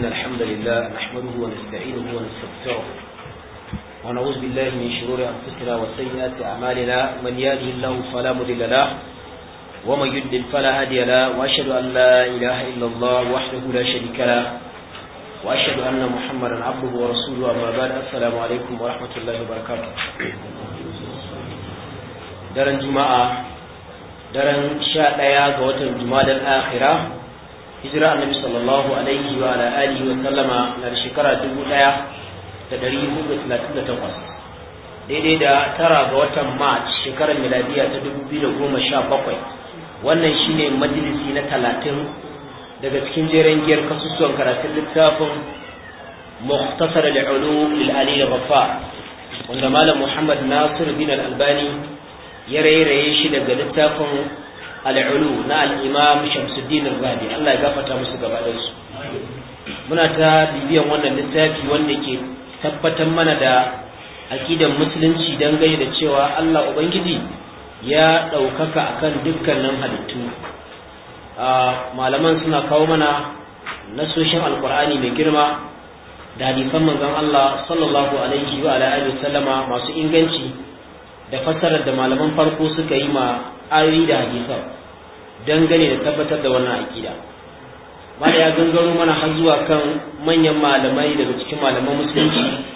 إن الحمد لله نحمده ونستعينه ونستغفره ونعوذ بالله من شرور أنفسنا وسيئات أعمالنا من يهده الله فلا مضل له ومن يضلل فلا هادي له وأشهد أن لا إله إلا الله وحده لا شريك له وأشهد أن محمدا عبده ورسوله أما بعد السلام عليكم ورحمة الله وبركاته daren juma'a daren sha ɗaya ga watan juma'a akhira hijira annabi sallallahu alaihi wa ala alihi wa sallama na da shekara takwas daidai da tara ga watan march shekarar miladiya ta dubu biyu da goma sha bakwai. wannan shine majalisi na talatin. daga cikin jeren giyar kasusuwan karatun littafin da ulu lil'ali da الغفار wanda malam Muhammad Nasir bin Al-Albani ya rairaye shi daga littafin al'ulu na al'imam shamsuddin rabi Allah ya gafata musu gaba da su muna ta bibiyan wannan littafi wanda ke tabbatar mana da aƙidan musulunci dangane da cewa Allah ubangiji ya ɗaukaka akan dukkanin halittu malaman suna kawo mana nasoshin alkur'ani mai girma da hadisan manzon Allah sallallahu alaihi wa alihi sallama masu inganci da fassarar da malaman farko suka yi ma ayoyi da don gane da tabbatar da wannan akida da ya gangaro mana har zuwa kan manyan malamai daga cikin malaman musulunci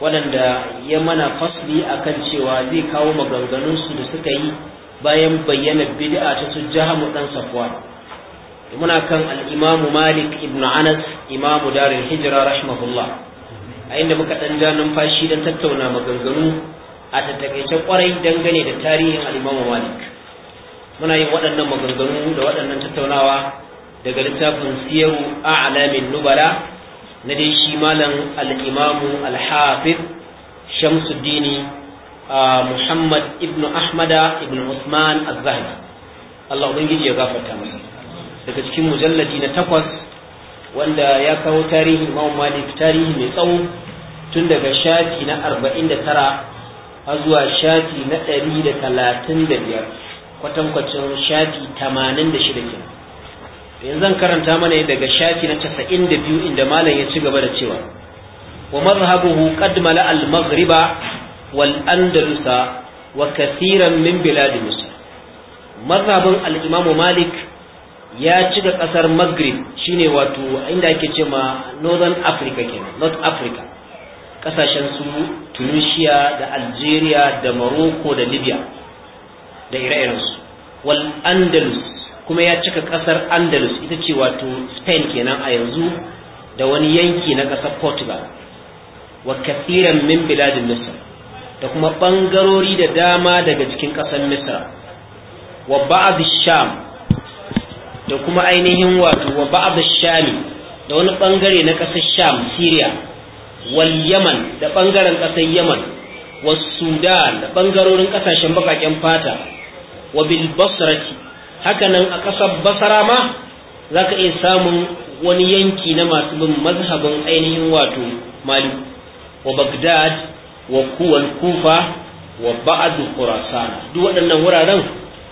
waɗanda ya mana fasli kan cewa zai kawo maganganunsu da suka yi bayan bayyana bid'a ta su mu ɗan safwan muna kan al-imam malik ibn anas imam darul hijra rahimahullah a inda muka ɗan ja numfashi dan tattauna maganganu a tattakaice kwarai dangane da tarihin al'imamu malik muna yin waɗannan maganganu da waɗannan tattaunawa daga littafin siyaru a alamin nubala na dai shi malam al'imamu al-hafiz shamsuddini muhammad ibn ahmada ibn usman az allah ubangiji ya gafarta masa daga cikin mujalladi na takwas wanda ya kawo tarihin imam malik tarihi mai tsawo tun daga shafi na arba'in da tara har zuwa shafi na ɗari da talatin da biyar kwatankwacin shafi tamanin da shida kenan yanzu zan karanta mana daga shafi na casa'in da biyu inda malam ya ci gaba da cewa wa mazhabuhu qad mala al maghriba wal andalusa wa kathiran min bilad misr mazhabin al imamu malik ya cika kasar maghrib shine wato inda ake ce northern africa kenan north africa kasashen su tunisia da algeria da morocco da libya da ire-irensu wal andalus kuma ya cika kasar andalus ita ce wato spain kenan a yanzu da wani yanki na kasar portugal wa kathiran min biladin misr da kuma bangarori da dama daga cikin kasar misra wa ba'd sham da kuma ainihin wato wa ba'd shami da wani bangare na kasar sham syria wal yaman da bangaren ƙasar yaman was sudan da ɓangarorin ƙasashen bakaken fata wa bil basrati hakanan a ƙasar basara ma zaka iya samun wani yanki na masu bin mazhabin ainihin wato mali wa bagdad wa kuwal kufa wa ba'd khurasan duk waɗannan wuraren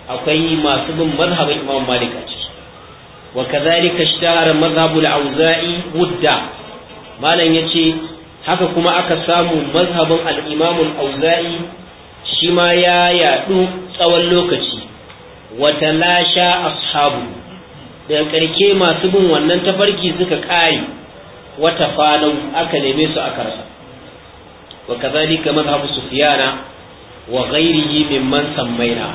akwai masu bin mazhabin imam malik a ciki wa kadhalika ishtahara mazhabul auza'i wudda, malam yace haka kuma aka samu mazhabin al auzai shi ma ya yadu tsawon lokaci wata lasha ashabu da karke masu bin wannan tafarki suka kare wata falau aka neme su aka rasa wa kazalika mazhabu sufyana wa ghairihi mimman sammaina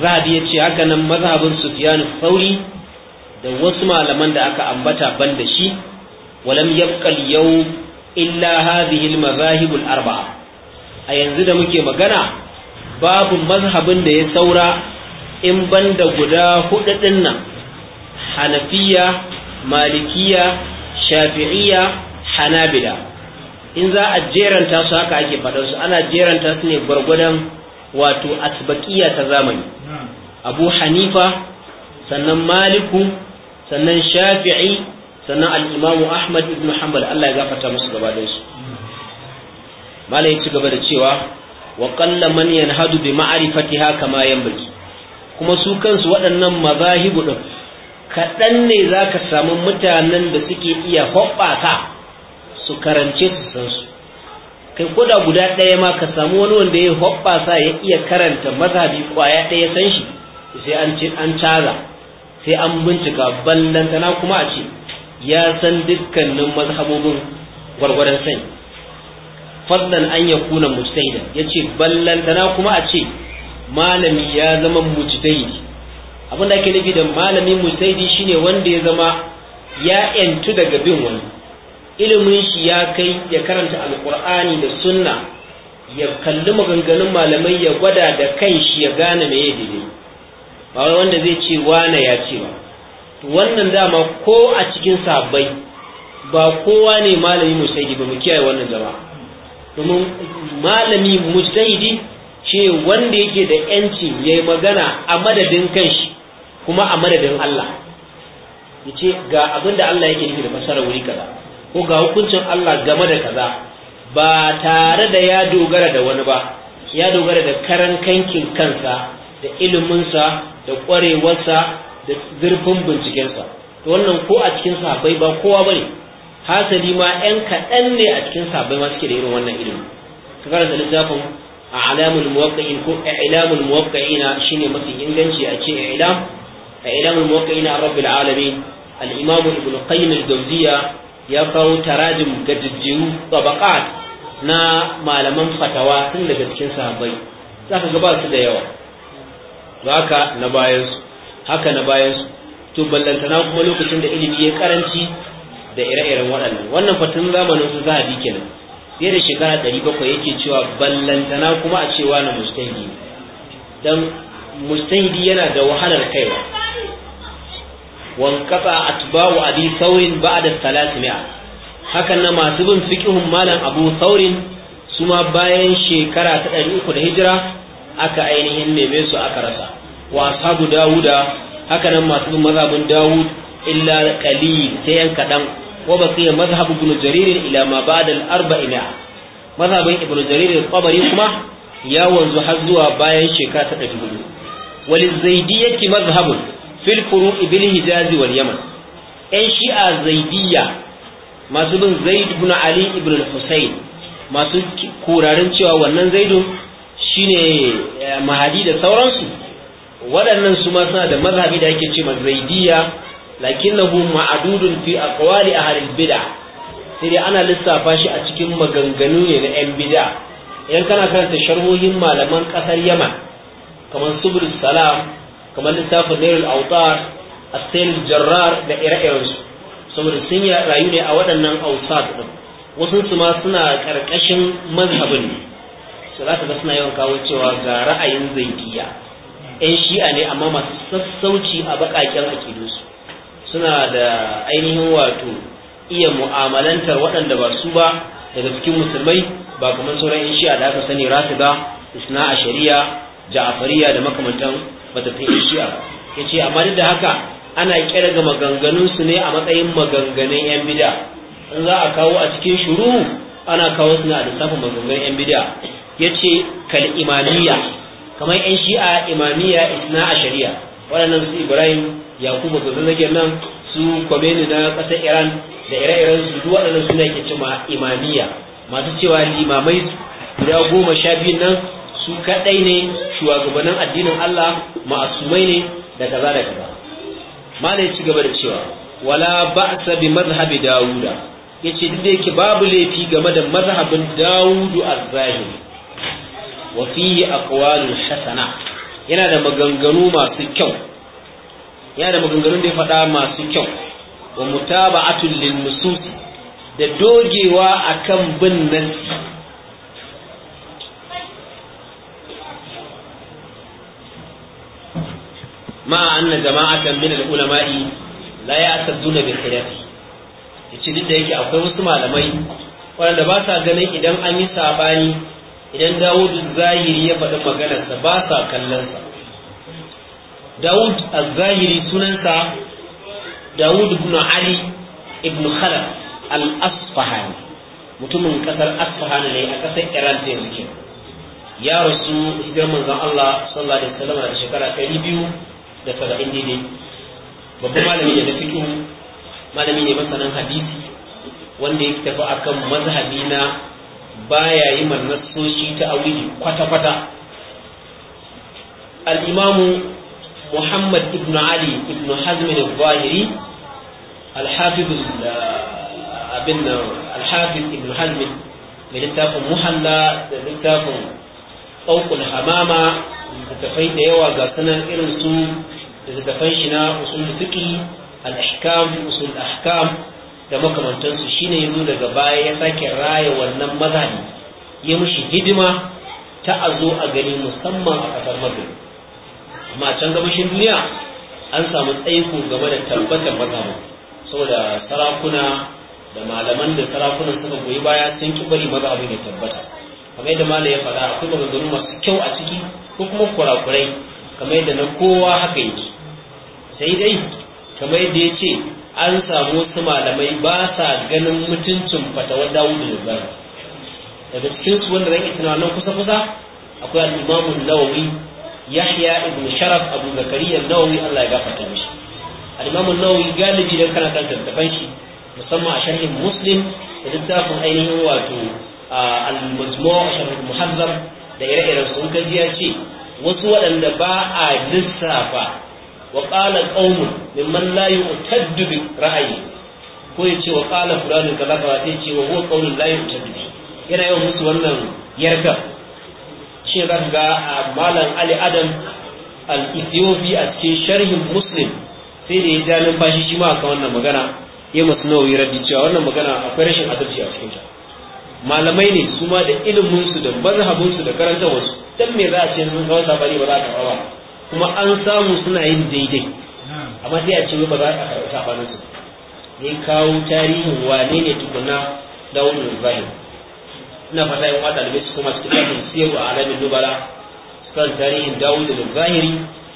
zahabi yace haka nan mazhabin sufyan sauri da wasu malaman da aka ambata ban da shi walam yafƙal yau. illa hadhihi al arbaa a yanzu da muke magana babu mazhabin da ya saura in banda guda hudu din hanafiya malikiya shafi'iyya hanabila in za a jeranta su haka ake faɗa su ana jeranta su ne gwargwadon wato asbaqiya ta zamani abu hanifa sannan maliku sannan shafi'i sannan alimamu Ahmad ibn Hanbal Allah ya gafata musu gaba da su Mala ya ci gaba da cewa wa hadu man ma'arifati bi ma 'yan baki, kuma su kansu waɗannan mazahibu ɗin kaɗan ne za ka samu mutanen da suke iya hoɓasa su karance su san su kai koda guda ɗaya ma ka samu wani wanda ya hoɓɓasa ya iya karanta mazhabi kwaya ɗaya san shi sai an an caza sai an bincika ballantana kuma a ce ya san dukkanin mazhabobin gwargwaron sanyi. fadlan an ya kuna mujtahida yace ballantana kuma a ce malami ya zama mujtahidi abin da ake nufi da malami mujtahidi shine wanda ya zama ya yantu daga bin wani ilimin shi ya kai ya karanta alqur'ani da sunna ya kalli maganganun malamai ya gwada da kanshi ya gane me ya daidai ba wanda zai ce wana ya ce ba wannan dama ko a cikin sabbai ba kowa ne malami mujtahidi ba mu kiyaye wannan zama. domin malami mujtahidi ce wanda yake da yanci yi magana a madadin kanshi kuma a madadin Allah Ya ce ga abin da Allah yake nufi da fasara wuri kaza ko ga hukuncin Allah game da kaza ba tare da ya dogara da wani ba ya dogara da karan kankin kansa da iliminsa da ƙwarewarsa da zurfin bincikensa to wannan ko a cikin sahabbai ba kowa bane hasali ma yan kaɗan ne a cikin sahabbai ma suke da irin wannan ilimi ka karanta littafin a'lamul muwaqqi'in ko i'lamul muwaqqi'ina shine mafi inganci a ce i'lam i'lamul muwaqqi'ina rabbil alamin al-imam ibn qayyim al-jawziya ya kawo tarajim ga jijjiru tabaqat na malaman fatawa tun daga cikin sahabbai zaka ga ba su da yawa haka na bayansu haka na bayan su to ballantana kuma lokacin da ilimi ya karanci da ire-iren waɗannan wannan fatan zamanin su bi kenan sai da shekara ɗari bakwai yake cewa ballantana kuma a cewa na mustahidi dan mustahidi yana da wahalar kaiwa wankafa atba'u abi saurin ba'da salasmi'a hakan na masu bin fikihun malam abu saurin su ma bayan shekara ta ɗari uku da hijira aka ainihin neme su aka rasa wa ashabu dawuda haka nan masu bin mazhabin dawud illa qalil sai yan kadan wa sai mazhab ibn jarir ila ma ba'da al arba'ina mazhabin ibn jarir al-qabari kuma ya wanzu har zuwa bayan shekara ta 400 wal zaidiyyati mazhabun fil furu ibn hijaz wal yaman yan shi'a zaidiyya masu bin zaid ibn ali ibn al-husayn masu kurarin cewa wannan zaidun shine eh, mahadi da sauransu waɗannan su ma suna da mazhabi da ake cewa zaidiya lakinnahu ma'adudun fi aqwali ahli bid'a sai dai ana lissafa shi a cikin maganganu ne na yan bid'a idan kana karanta sharhohin malaman ƙasar Yaman kamar subul salam kamar lissafin nairul autar asailul jarrar da ire saboda sun rayu ne a waɗannan ausat din wasu su ma suna karkashin mazhabin ne su za ka ga suna yawan kawo cewa ga ra'ayin zaidiya 'yan shi'a ne amma masu sassauci a baƙaƙen akidusu suna da ainihin wato iya mu'amalantar waɗanda ba su ba daga cikin musulmai ba kamar sauran 'yan shi'a da aka sani rasiga isna a shari'a ja'afariya da makamantan matattun 'yan shi'a ya ce amma duk da haka ana kera ga maganganunsu ne a matsayin maganganun 'yan bida in za a kawo a cikin shuru ana kawo suna ne a lissafin maganganun 'yan bida ya ce kal imamiyya kamar yan shi'a imamiya isna a shari'a waɗannan su ibrahim yakubu da zazzagin nan su komeni na ƙasar iran da ire-iren su duk waɗannan suna ke cima imamiya masu cewa limamai guda goma sha biyu nan su kaɗai ne shugabannin addinin allah ma'asumai ne da kaza da kaza malai ci gaba da cewa wala ba'sa bi mazhabi dawuda yace duk da yake babu laifi game da mazhabin dawudu az-zahiri wa fihi aqwalul hasana yana da maganganu masu kyau yana da maganganun da ya faɗa masu kyau wa mutaba'atu lil musus da dogewa akan bin nan ma anna jama'atan min al-ulama'i la ya'taduna bi khilafi yace duk da yake akwai wasu malamai wanda ba sa ganin idan an yi sabani idan Dawud zahiri ya faɗi maganarsa ba sa kallonsa Dawud a zahiri sunansa Dawud ibn Ali ibn Khalaf al-Asfahani mutumin kasar Asfahani ne a kasar Iran ta yanzu ya rasu hijirar manzon Allah sallallahu alaihi wasallam da shekara biyu da saba'in daidai babban malami ne da fito malami ne masanin hadisi wanda ya tafi akan mazhabi na baya yi mannasoshi ta awili kwata-kwata al'imamu muhammad ibn ali ibn hazmin al-zahiri al-hafiz uh, ibn hazmin mai littafin muhalla da littafin ɗaukun hamama tafai da yawa ga sanar irin su shina shi na usul fiqi al-ahkam usul ahkam da makamantansu shine yazo daga baya ya sake raya wannan mazhabi ya mushi hidima ta a zo a gani musamman a kasar magana amma can gabashin duniya an samu tsaiko game da tabbatar mazhabi saboda sarakuna da malaman da sarakunan suka goyi baya sun ki bari mazhabin da tabbata kamar yadda malam ya faɗa akwai maganganu masu kyau a ciki ko kuma kurakurai kamar yadda na kowa haka yake sai dai kamar yadda ya ce an samu wasu malamai ba sa ganin mutuncin fatawar dawudu da zara daga cikin su wanda zan iya tunawa nan kusa kusa akwai al-imamu nawawi yahya ibn sharaf abu zakariya nawawi Allah ya gafarta mishi al-imamu nawawi galibi dan kana kan tantafan shi musamman a sharhin muslim da littafin ainihin wato al-majmu' shahin muhazzab da ire-iren sun kaji ce wasu waɗanda ba a lissafa wa qala qaumun mimman la yu'taddu bi ra'ayi ko yace wa qala fulanu kaza kaza sai ce wa huwa la yu'taddu yana yawan musu wannan yarka shi zaka ga malam Ali Adam al-Ethiopi a cikin sharhin Muslim sai da ya ja numfashi shi ma akan wannan magana ya masu nawawi raddi cewa wannan magana akwai rashin adalci a cikin ta malamai ne su ma da iliminsu da mazhabinsu da karantarwarsu dan me za a ce sun kawai sabani ba za a ba kuma an samu suna yin daidai amma sai a ce ba za a karɓi safanin su ne kawo tarihin wane ne tukuna wani ibrahim ina fata yin wata dalibai su kuma su kitabun siyaru a alamin dubara kan tarihin dawud zahiri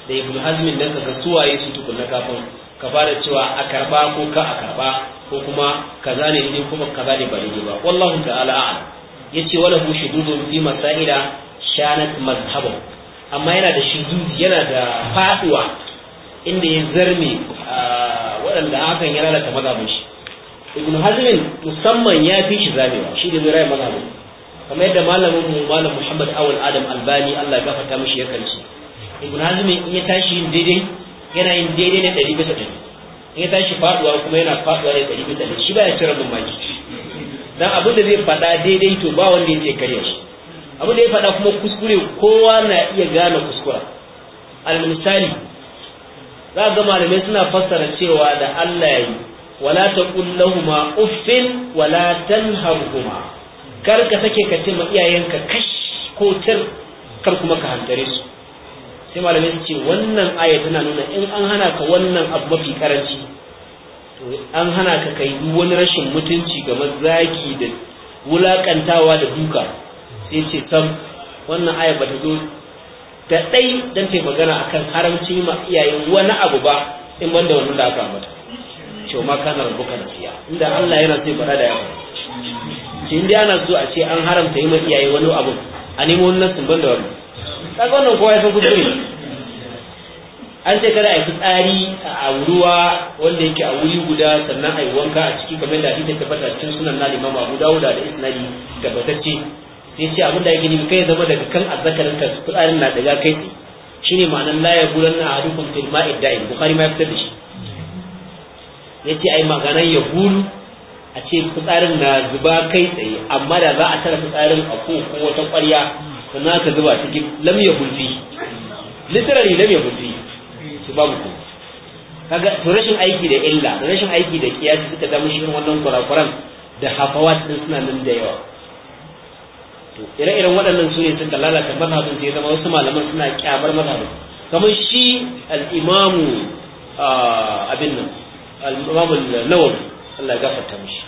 da ibn hazmin dan kaga suwaye su tukuna kafin ka fara cewa a karba ko ka a karba ko kuma kaza ne ne kuma kaza ne ba daidai ba wallahu ta'ala a'lam yace wala hu shududun fi masaila shanat mazhabahu amma yana da shududi yana da faduwa inda ya zarme waɗanda hakan ya lalata mazhabin shi ibn hazmin musamman ya fi shi zamewa shi da zira mazhabin kamar yadda malamin mu malam muhammad awal adam albani Allah ya gafarta mishi ya kanci ibn hazmin in ya tashi yin daidai yana yin daidai ne ɗari bisa ɗari in ya tashi faduwa kuma yana faduwa ne ɗari bisa ɗari shi ba ya cire bin baki dan abin da zai faɗa daidai to ba wanda ya ce karya shi abu da ya faɗa kuma kuskure kowa na iya gane kuskura al misali za ga malamai suna fassara cewa da Allah yi wala ta lahumu uffin wala tanharhuma kar ka sake ka ce ma iyayenka kash ko tir kar kuma ka hantare su sai malamai su ce wannan aya tana nuna in an hana ka wannan abu mafi karanci an hana ka kai wani rashin mutunci game zaki da wulakantawa da duka sai ce tam wannan aya ba ta zo da ɗai don ta magana akan haramci ma iyaye wani abu ba in banda wannan da aka mata cewa ma kana da siya. inda Allah yana sai bara da yawa shi inda ana zo a ce an haramta yi ma iyaye wani abu a nemo wannan sun banda wannan kaga wannan kowa ya san kuskure an ce kada a yi fitsari a ruwa wanda yake a wuri guda sannan a yi wanka a ciki kamar da ake tabbata cikin sunan na Imam Abu Dawud da Isnadi tabbatacce yace abin da yake nufi kai zama daga kan azzakarin ka tsarin na daga kai tsaye shine ma'anar la ya gulan na ahadukum fil ma'i da'im bukhari ma ya fitar da shi yace ai maganar ya gulu a ce tsarin na zuba kai tsaye amma da za a tara tsarin a ko ko wata ƙwarya sannan ka zuba cikin lam ya gulfi literally lam ya su babu ku kaga to rashin aiki da illa da rashin aiki da kiyasi suka zama shi wannan kurakuran da hafawa din suna nan da yawa ire-iren waɗannan su ne suka lalata mazhabin da ya zama wasu malaman suna kyamar mazhabin kamar shi al'imamu abin nan al'imamu nawawi Allah ya gafarta mishi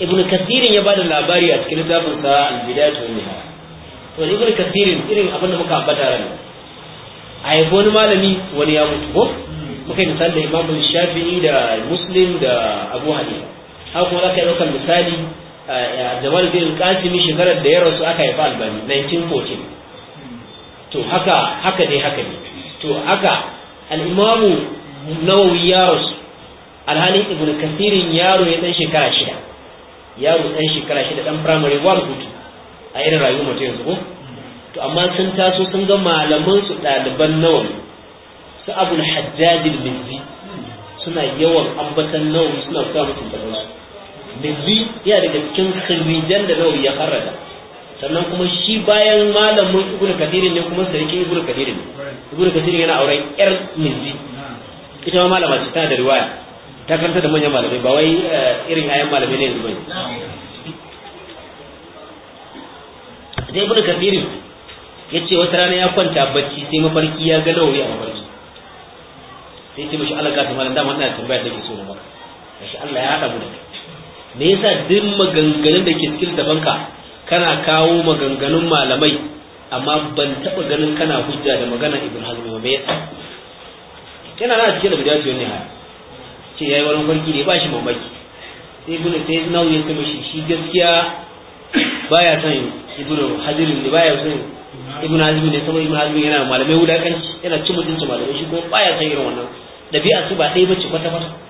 ibn kasirin ya bada labari a cikin littafin sa al-bidayatu wa nihaya to ibn kasirin irin abin da muka ambata ran a yi wani malami wani ya mutu ko muka yi misali da imamu shafi'i da muslim da abu hanifa haka kuma za ka yi ɗaukar misali Eh, eh, jamal bin kasimi shekarar da ya rasu aka haifa albani 1914 to haka haka dai haka ne to haka al'imamu nawawi ya rasu alhalin ibn kasirin yaro ya dan shekara shida yaro dan shekara shida dan primary one hutu a irin rayuwar mutum yanzu ko to amma sun taso sun ga malaman su ɗaliban nawawi su abul hajjaj al-mizzi suna yawan ambatan nawawi suna kawo mutum da su mizzi ya daga cikin khirijan da nawawi ya farrada sannan kuma shi bayan malamin ibnu kadirin ne kuma sarki ibnu kadirin ibnu kadirin yana auren yar mizzi ita ma malama ce tana da riwaya ta karanta da manyan malamai ba wai eh, irin ayan malamai ne yanzu bane sai ibnu kadirin yace wata rana ya kwanta bacci sai mafarki ya ga nawawi a mafarki sai ce mishi Allah ka ta malam dama ina tambaya take so na ba shi Allah ya hada mu da kai me yasa duk maganganun da ke cikin tabanka kana kawo maganganun malamai amma ban taɓa ganin kana hujja da magana ibn hazm ba me yasa yana na cikin da bidiyo ne ha ce yayi wani farki ne ba shi mamaki sai ibn sai nawo ya ce mishi shi gaskiya baya son ibn hazm ne baya son ibn hazm ne saboda ibn hazm yana malamai wudakanci yana cin mutunci malamai shi kuma baya son irin wannan dabi'a su ba sai bace kwata kwata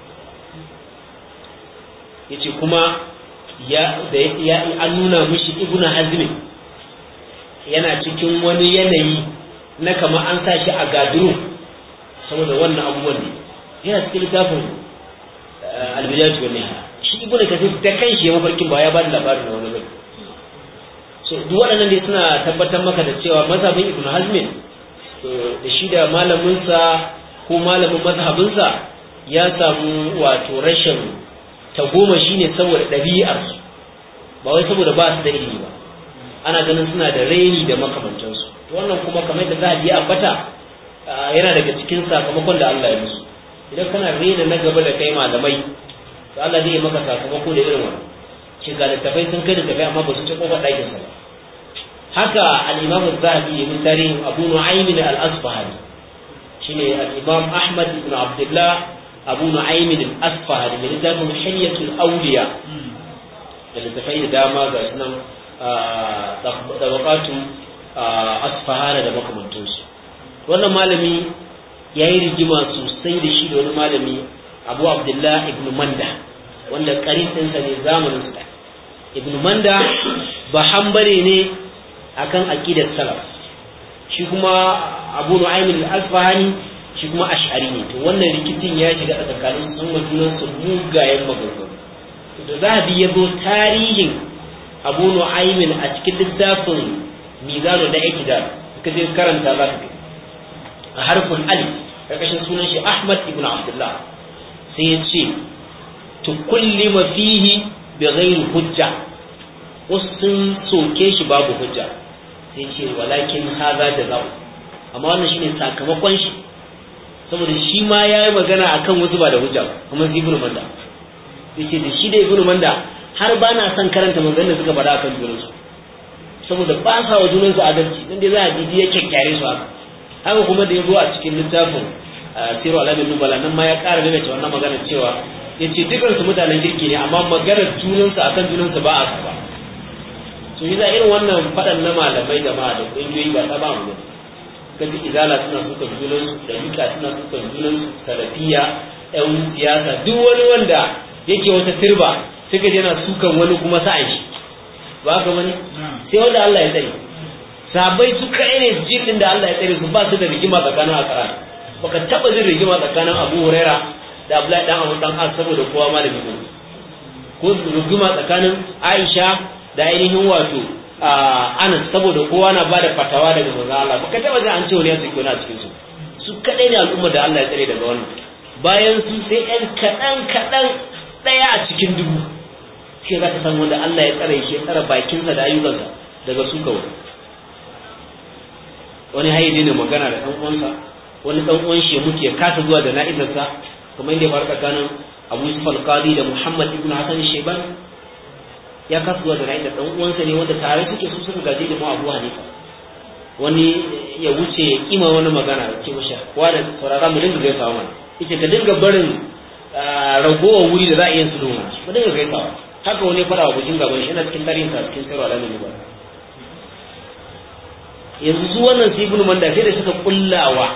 yace kuma ya ya an nuna mishi ibnu azmi yana cikin wani yanayi na kama an sa shi a gadiru saboda wannan abubuwan ne yana cikin littafin eh, albidatu ne shi ibnu kasir da kanshi ya mafarkin ba ya ba da labarin da wani bai so duk waɗannan ne suna tabbatar maka da cewa mazhabin ibn hazmin eh, da shi da malaminsa ko malamin mazhabinsa ya samu wato rashin ta goma ne saboda ɗabi'arsu ba wai saboda ba su da ilimi ba ana ganin suna da raini da makamantansu to wannan kuma kamar da za a biya bata yana daga cikin sakamakon da Allah ya musu idan kana raina na gaba da kai malamai to Allah zai maka sakamako da irin wannan shi ga littafai sun kai littafai amma ba su ci kofar ɗakin sa haka al-Imam Az-Zahabi ibn tarihin Abu Nu'aym al-Asfahani shine al-Imam Ahmad ibn Abdullah abu nu'aymin al-asfahani mai littafin hilyatul awliya da tafai da dama ga sunan tabaqatu asfahana da makamantansu wannan malami yayi rigima sosai da shi da wani malami abu abdullah ibn manda wanda karinsa ne zamanin sa ibn manda ba hambare ne akan akidar salaf shi kuma abu nu'aym al-asfahani shi kuma ash'ari ne to wannan rikicin ya shiga a tsakanin sun majunan su mugayen maganganu da za a biya zo tarihin abu aimin a cikin littafin mizano da da suka je karanta za ka a harfin alif karkashin sunan shi ahmad ibn abdullah sai ya ce tukullima mafihi bi ghairi hujja wasu sun soke shi babu hujja sai ce walakin haza da za'u amma wannan shine sakamakon shi saboda shi ma ya yi magana akan wasu ba da hujja kuma zai ibnu manda yace da shi da ibnu manda har ba na son karanta maganar suka faɗa akan junansu saboda ba sa wa junansu adalci dan da za a ya kyakkyare su haka haka kuma da ya zo a cikin littafin siru alamin nubala nan ma ya ƙara da cewa wannan magana cewa ya ce dukansu mutanen kirki ne amma maganar junansu akan junansu ba a ba yi za irin wannan faɗan na malamai jama'a da ƙungiyoyi ba ta ba mu gani kaji izala suna sukan junansu duka suna sukan junansu salafiya yan siyasa duk wani wanda yake wata turba suka je yana sukan wani kuma sa'an shi ba ka wani sai wanda Allah ya tsare sabai su kai ne jikin da Allah ya tsare su ba su da rigima tsakanin akara baka taba jin rigima tsakanin Abu Huraira da Abdullahi dan Abu dan As saboda kowa malami ne ko rigima tsakanin Aisha da ainihin wato Ah, anas saboda kowa na bada fatawa daga maza Allah ka taba ji an ce wani yanzu saki wani a cikin su su kadai ne al'ummar da Allah ya tsare daga wannan bayan su sai ɗan kaɗan kaɗan ɗaya a cikin dubu sai za ka san wanda Allah ya tsare shi ya tsare bakinsa da ayyukansa daga su kawai wani haidi ne magana da ɗan uwansa wani ɗan uwan shi ya mutu ya kasa zuwa da na'izarsa kamar yadda ya faru tsakanin Abu Yusuf al da Muhammad ibn hasan Shaiban ya kasu zuwa jana'i da ɗan uwansa ne wanda tare suke su suka gaje da Abu Hanifa wani ya wuce ya kima wani magana da ke musha wa da saurara mu dinga gaisawa mana yace ka dinga barin ah, ragowar wuri da za a yi su doma mu dinga gaisawa haka wani fara wa bukin gaban shi na cikin tarihin sa cikin da alamin ba yanzu su wannan su ibnu manda sai da suka kullawa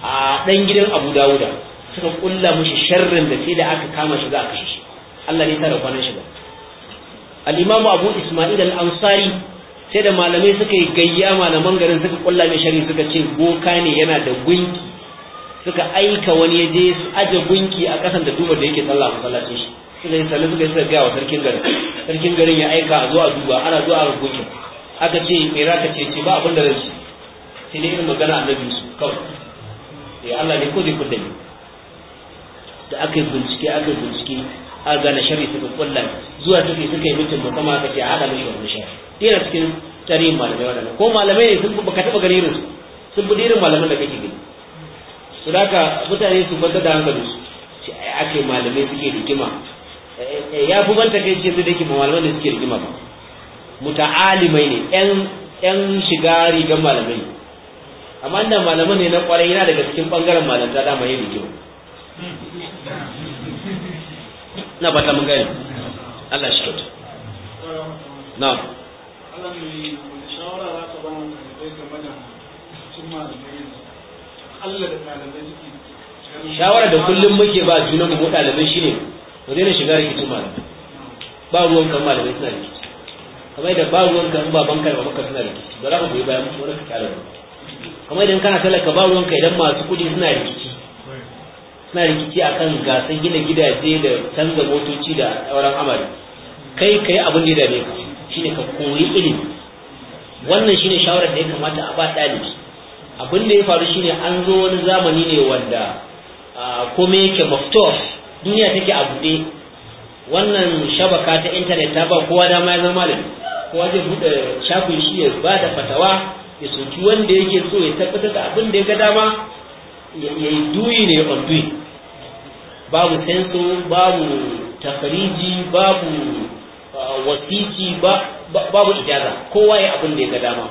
a dan gidan Abu Dawuda suka kulla mushi sharrin da sai da aka kama shi za a kashe shi Allah ne ta rafa nan shi ba al-imam abu isma'il al'ansari, sai da malamai suka yi gayya malaman garin suka kulla mai shari suka ce boka ne yana da gunki suka aika wani ya je su aje gunki a kasan da dubar da yake sallah masallacin shi suka yi sallah suka yi suka gaya wa sarkin garin sarkin garin ya aika a zo duba ana zuwa a gunki aka ce mai za ka ce ce ba abin da zan sai dai irin magana annabi su kawai eh Allah ne ko zai kudda da aka yi bincike aka yi bincike a gane shari suka kulla zuwa take suka yi mutum ba kuma ka ce a haɗa mishi wani shari yana cikin tarihin malamai wadannan ko malamai ne sun baka taɓa ganin irinsu sun fi irin malamai da kake gani su haka mutane su banta da hankali su ake malamai suke rigima eh, eh, ya fi banta kai ce su da ke malamai da suke rigima ba muta'alimai ne yan shiga rigar malamai amma inda malamai ne na kwarai yana daga cikin bangaren ta dama yin rigima ina ba ta mun gani Allah shi kyauta na shawara da kullum muke ba junan mu ɗalibai shine mu daina shiga rikicin malamai ba ruwan kan malamai suna rikici kamar da ba ruwan kan baban kan baban babanka suna rikici ba za ka goyi bayan wani ka kyara kamar idan kana talaka ba ruwan ka idan masu kuɗi suna rikici suna rikici akan gasar gina gidaje da canza motoci da sauran amari kai kai abin da ya dame ka shine ka koyi ilimi wannan shine shawarar da ya kamata a ba ɗalibi abin da ya faru shine an zo wani zamani ne wanda komai yake maftof duniya take a buɗe wannan shabaka ta intanet ta ba kowa dama ya zama malami kowa zai buɗe shafin shi ya ba da fatawa ya soki wanda yake so ya tabbatar da abin da ya ga dama ya yi duyi ne on duyi babu senso babu tafariji babu uh, wasiki babu ijaza kowa ya abin da ya ga dama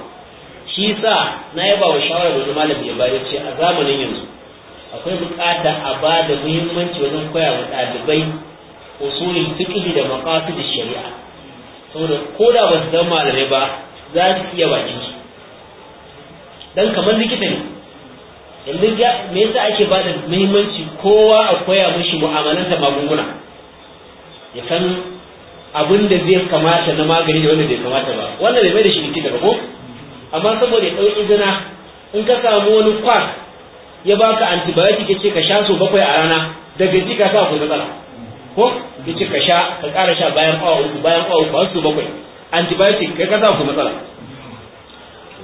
shi sa na yaba wa shawarar wani malami ya bayar ce a zamanin yanzu akwai bukata a ba da muhimmanci wajen koya wa ɗalibai usulin fiqh da da shari'a saboda ko da ba su zama malamai ba za su iya bakin su dan kamar likita ne yanzu me yasa ake ba da muhimmanci kowa a koya mishi mu'amalanta magunguna ya san abin da zai kamata na magani da wanda bai kamata ba wannan bai da shi ne ba ko amma saboda ya ɗau izina in ka samu wani kwas ya baka antibiotic ya ce ka sha so bakwai a rana daga ji ka sa akwai matsala ko ya ce ka sha ka ƙara sha bayan awa uku bayan awa uku har bakwai antibiotic kai ka sa ku matsala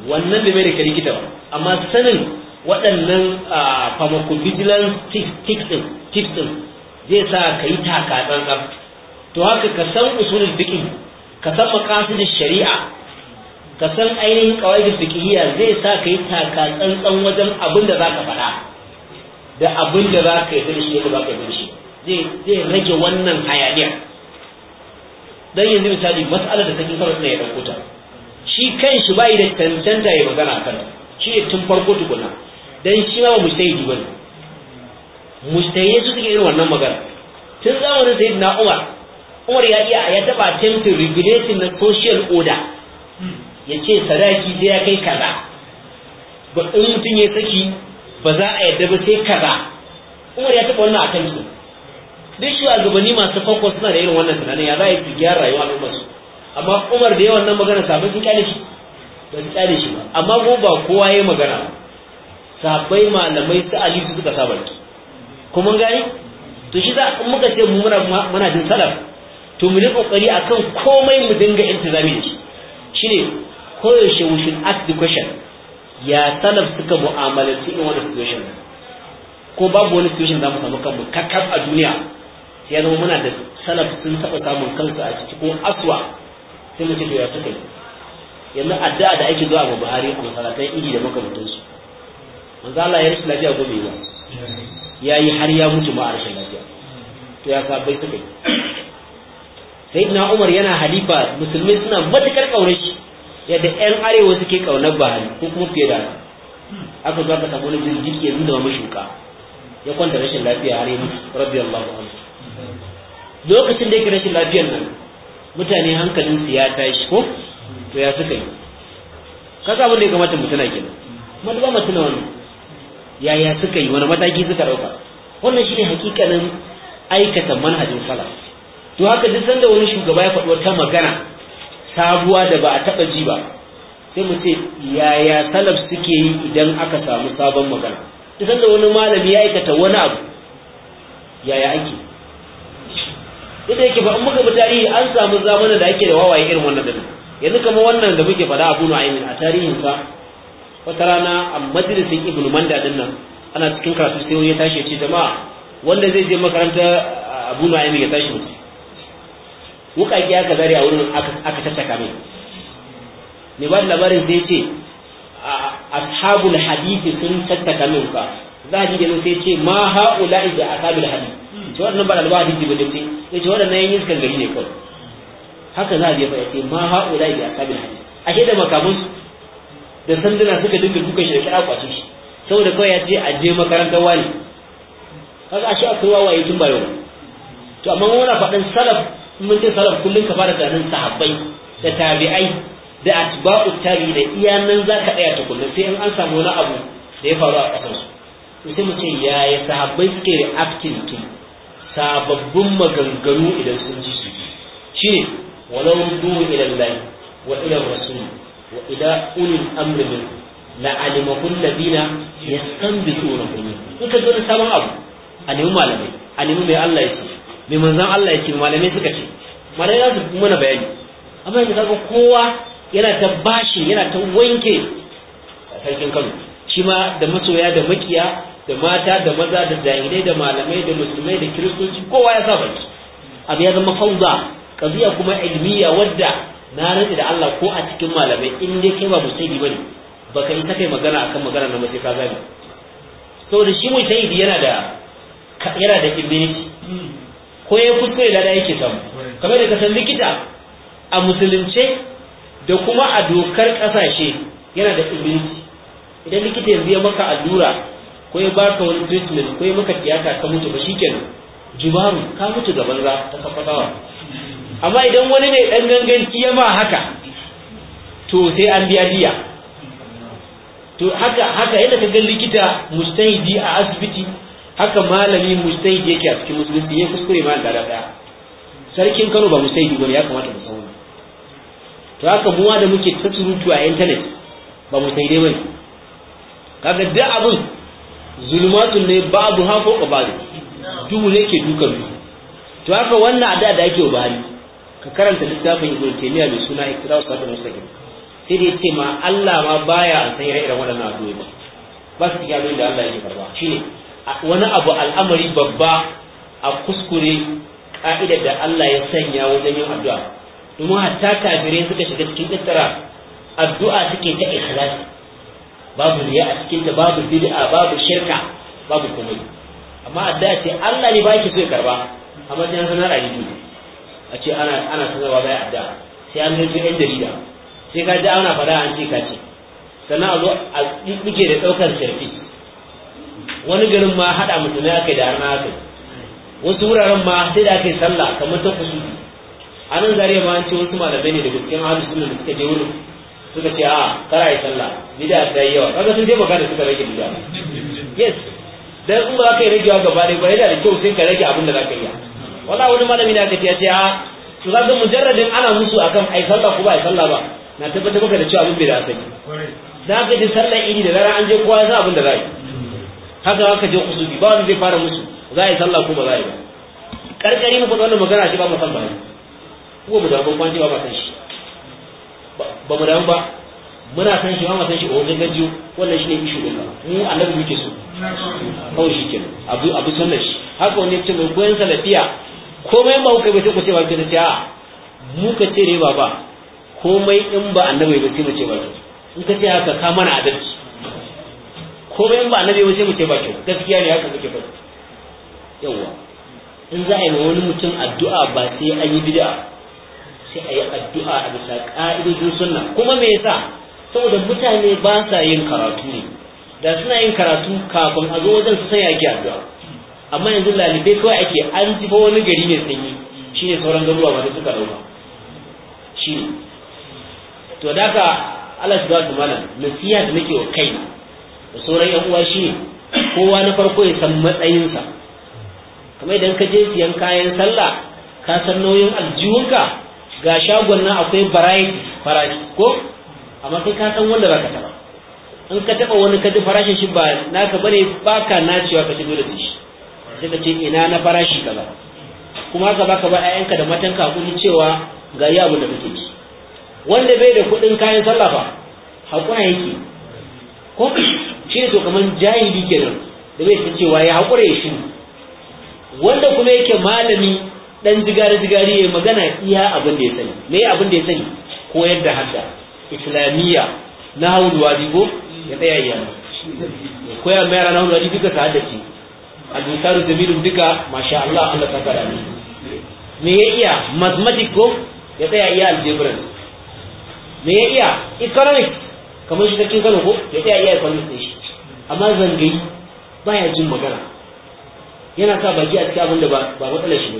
wannan bai mai da ka likita ba amma sanin waɗannan pharmacovigilance tips ɗin zai sa ka yi taka tsantsan to haka ka san usulul fiqh ka san maqasidin shari'a ka san ainihin qawaidul fiqhiyya zai sa ka yi taka tsantsan wajen abin da zaka faɗa da abin da zaka yi da shi da zaka yi da shi zai zai rage wannan hayaniya dan yanzu misali mas'alar da take kawai ya dauko kuta shi kanshi bai da tantanta ya magana kan shi tun farko tukuna dan shi ma ba mujtahidi bane mujtahidi su suke irin wannan magana tun zamanin na Umar Umar ya iya ya taba attempting regulating na social order ya ce sadaki sai ya kai kaza ba in mutum ya saki ba za a yadda ba sai kaza Umar ya taba wannan attempting duk shugabanni masu farko suna da irin wannan tunanin ya za a yi gyara rayuwa al'ummar su amma Umar da yawan nan magana sabon sun kyale shi ba su kyale shi ba amma ko ba kowa ya magana sabai malamai su ali su suka saba ki kuma gani to shi za mu ka ce muna muna jin salaf to mu yi kokari akan komai mu dinga intizami da shi shine koyaushe we should ask the question ya salaf suka mu'amalanci in wani situation ko babu wani situation za mu samu kanmu kakkar a duniya sai ya zama muna da salaf sun taba samun kansu a ciki ko aswa sai mu ce to ya suka yi yanzu addu'a da ake zuwa ga Buhari a masalatai iji da makamantansu manzo Allah ya rashin lafiya ko bai ba yayi har ya mutu ba a rashin lafiya to ya sabai suka yi sayyidina Umar yana halifa musulmi suna matukar kaunar shi yadda ƴan arewa suke kaunar hali ko kuma fiye da aka zo aka samu wani jirgin ya nuna shuka. ya kwanta rashin lafiya har ya mutu radiyallahu anhu lokacin da yake rashin lafiyar nan mutane hankalin su ya tashi ko to ya suka yi kaga abin ne ya kamata mu tana kenan kuma ba mu tuna wannan yaya suka yi wani mataki suka dauka wannan shine hakikanin aikata manhajin salaf to haka duk sanda wani shugaba ya faɗi wata magana sabuwa da ba a taɓa ji ba sai mu ce yaya salaf suke yi idan aka samu sabon magana duk sanda wani malami ya aikata wani abu yaya ake inda yake ba in muka bi tarihi an samu zamanin da ake da wawaye irin wannan ni? yanzu kamar wannan da muke faɗa a bunu a tarihin sa wata rana a majalisin ibnu manda din nan ana cikin karatu sai wani ya tashi ya ce jama'a wanda zai je makaranta ah, abu na ya tashi mutu wukaki aka zare a wurin aka tattaka mai mai ba labarin zai ce tabul hadithi sun tattaka min za a da sai ce ma haula da ashabul hadisi to wannan ba a hadisi ba dace ce wannan yin iskan gari ne kawai haka za a je fa ce ma haula da tabul hadisi a da makamun da sanduna suka dinga dukan shi da kira kwace shi saboda kawai ya je a je makarantar wani kaga ashe akwai wawaye tun bayo to amma na faɗin salaf mun ce salaf kullum ka fara ganin sahabbai da tabi'ai da atba'u tabi da iyanan za ka ta kullun sai in an samu wani abu da ya faru a kasar su sai mu ce ya yaya sahabbai suke reacting to sababbin maganganu idan sun ji su shine walau du ila Allah wa ila rasul wa ila ulil amri min la alima kulladina yastanbituna min in ka zo sabon abu a nemi malamai a mai Allah ya ce mai manzon Allah ya ce malamai suka ce malamai za su mana bayani amma yanzu kaga kowa yana ta bashi yana ta wanke sarkin Kano shi ma da masoya da makiya da mata da maza da jahilai da malamai da musulmai da kiristoci kowa ya sa baki abu ya zama fauza kaziya kuma ilmiya wadda na rage da Allah ko a cikin malamai in dai kai ba musaidi bane baka yi ta kai magana akan magana na mace ka gane da shi musaidi yana da yana da immunity ko ya kuskure da da yake samu kamar da san likita a musulunce da kuma a dokar kasashe yana da immunity idan likita yanzu ya maka allura ko ya baka wani treatment ko ya maka tiyata ka mutu ba shikenan jibaru ka mutu gaban za ta kafatawa amma idan wani mai ɗan ganganci ya ma haka to sai an biya diya to haka haka yadda ka ga likita mustahidi a asibiti haka malami mustahidi yake a cikin musulunci ya kuskure ma da daya sarkin Kano ba mustahidi bane ya kamata mu sauna to haka muwa da muke ta surutu a internet ba mustahidi bane kaga duk abun zulmatun ne babu hako ko babu duhu ne ke dukan to haka wannan ada da ake wa Buhari ka karanta littafin ibn taymiya mai suna iqra'u na mustaqim sai dai ce ma Allah ma baya san ire iren waɗannan addu'o'i ba ba su cikin abin da Allah yake karba shine wani abu al'amari babba a kuskure ka'ida da Allah ya sanya wajen yin addu'a domin hatta kafirai suka shiga cikin tattara addu'a suke ta ikhlas babu riya a cikin ta babu bid'a babu shirka babu komai amma addu'a ce Allah ne ba ki so ya karba amma dan sanar a yi a ce ana ana sanarwa bai addu'a sai an zo yan jarida sai ka ji ana faɗa an ce ka ce sannan a zo a dike da ɗaukar sharfi wani garin ma haɗa musulmai aka da arna aka wasu wuraren ma sai da kai sallah kamar ta kusu a nan zariya ma an ce wasu malamai ne da cikin ahlus sunna da suka je wurin suka ce a kara yi sallah bid'a ta yi yawa kaga sun je da suka rage bid'a yes dan in ba ka rage gaba dai ba yana da kyau sai ka rage abin da za ka yi wala wani malami da kace ce a to ga mujarradin ana musu akan ai sallah ko ba ai sallah ba na tabbatar maka da cewa abin bai da asali da ga da salla iri da rara an je kowa za abin da za yi haka haka ka je kusubi ba wani zai fara musu za a yi sallah ko ba za a yi ba karkari mu fada wannan magana shi ba mu san ba ko mu da ban kwanci ba ba san shi ba mu da ba muna san shi ba mu san shi ko wajen jiyo wannan shine ishu din mu annabi muke so kawai shi kenan abu abu sunnar shi haka wani ce mai goyon salafiya komai ba kuka bai ku ce ba kina ce a mu ka ce ne baba komai in ba annabi ba sai mu ce ba in ka ce haka ka mana adalci komai in ba annabi ba sai mu ce ba kyau gaskiya ne haka kuke faɗi yawa in za a yi wani mutum addu'a ba sai an yi bid'a sai a yi addu'a a bisa ƙa'idojin sunna kuma me yasa saboda mutane ba sa yin karatu ne da suna yin karatu kafin a zo wajen su sanya ki addu'a amma yanzu lalibai kawai ake an ji fa wani gari mai sanyi shine sauran garuwa ba suka dauka ne to da ka Allah shi ba su malam nasiha da nake wa kai da sauran yan uwa ne, kowa na farko ya san matsayinsa kamar idan ka je siyan kayan sallah ka san nauyin aljihunka ga shagon nan akwai barayi farashi ko amma kai ka san wanda baka taba in ka taba wani ka ji farashin shi ba naka bane baka cewa ka ci dole da shi sai ka ce ina na farashi ka ba kuma ka baka ba ƴaƴanka da matanka hakuri cewa ga yi abin da kake ci wanda bai da kuɗin kayan sallafa hakura yake ko shi ne to kamar jahili kenan da bai san cewa ya hakura ya shiru wanda kuma yake malami dan zigari zigari ya magana iya abin da ya sani me abin da ya sani koyar da hadda islamiyya na haudu wajibo ya tsaya iya koyar mai ranar haudu wajibi ka ce al-misalu jamilun duka masha Allah Allah ta fara ne me ya iya mathematics ko ya tsaya iya algebra me ya iya economics kamar shi cikin Kano ko ya tsaya iya economics ne shi amma zangayi baya jin magana yana sa baki a cikin abin da ba matsalar shi ba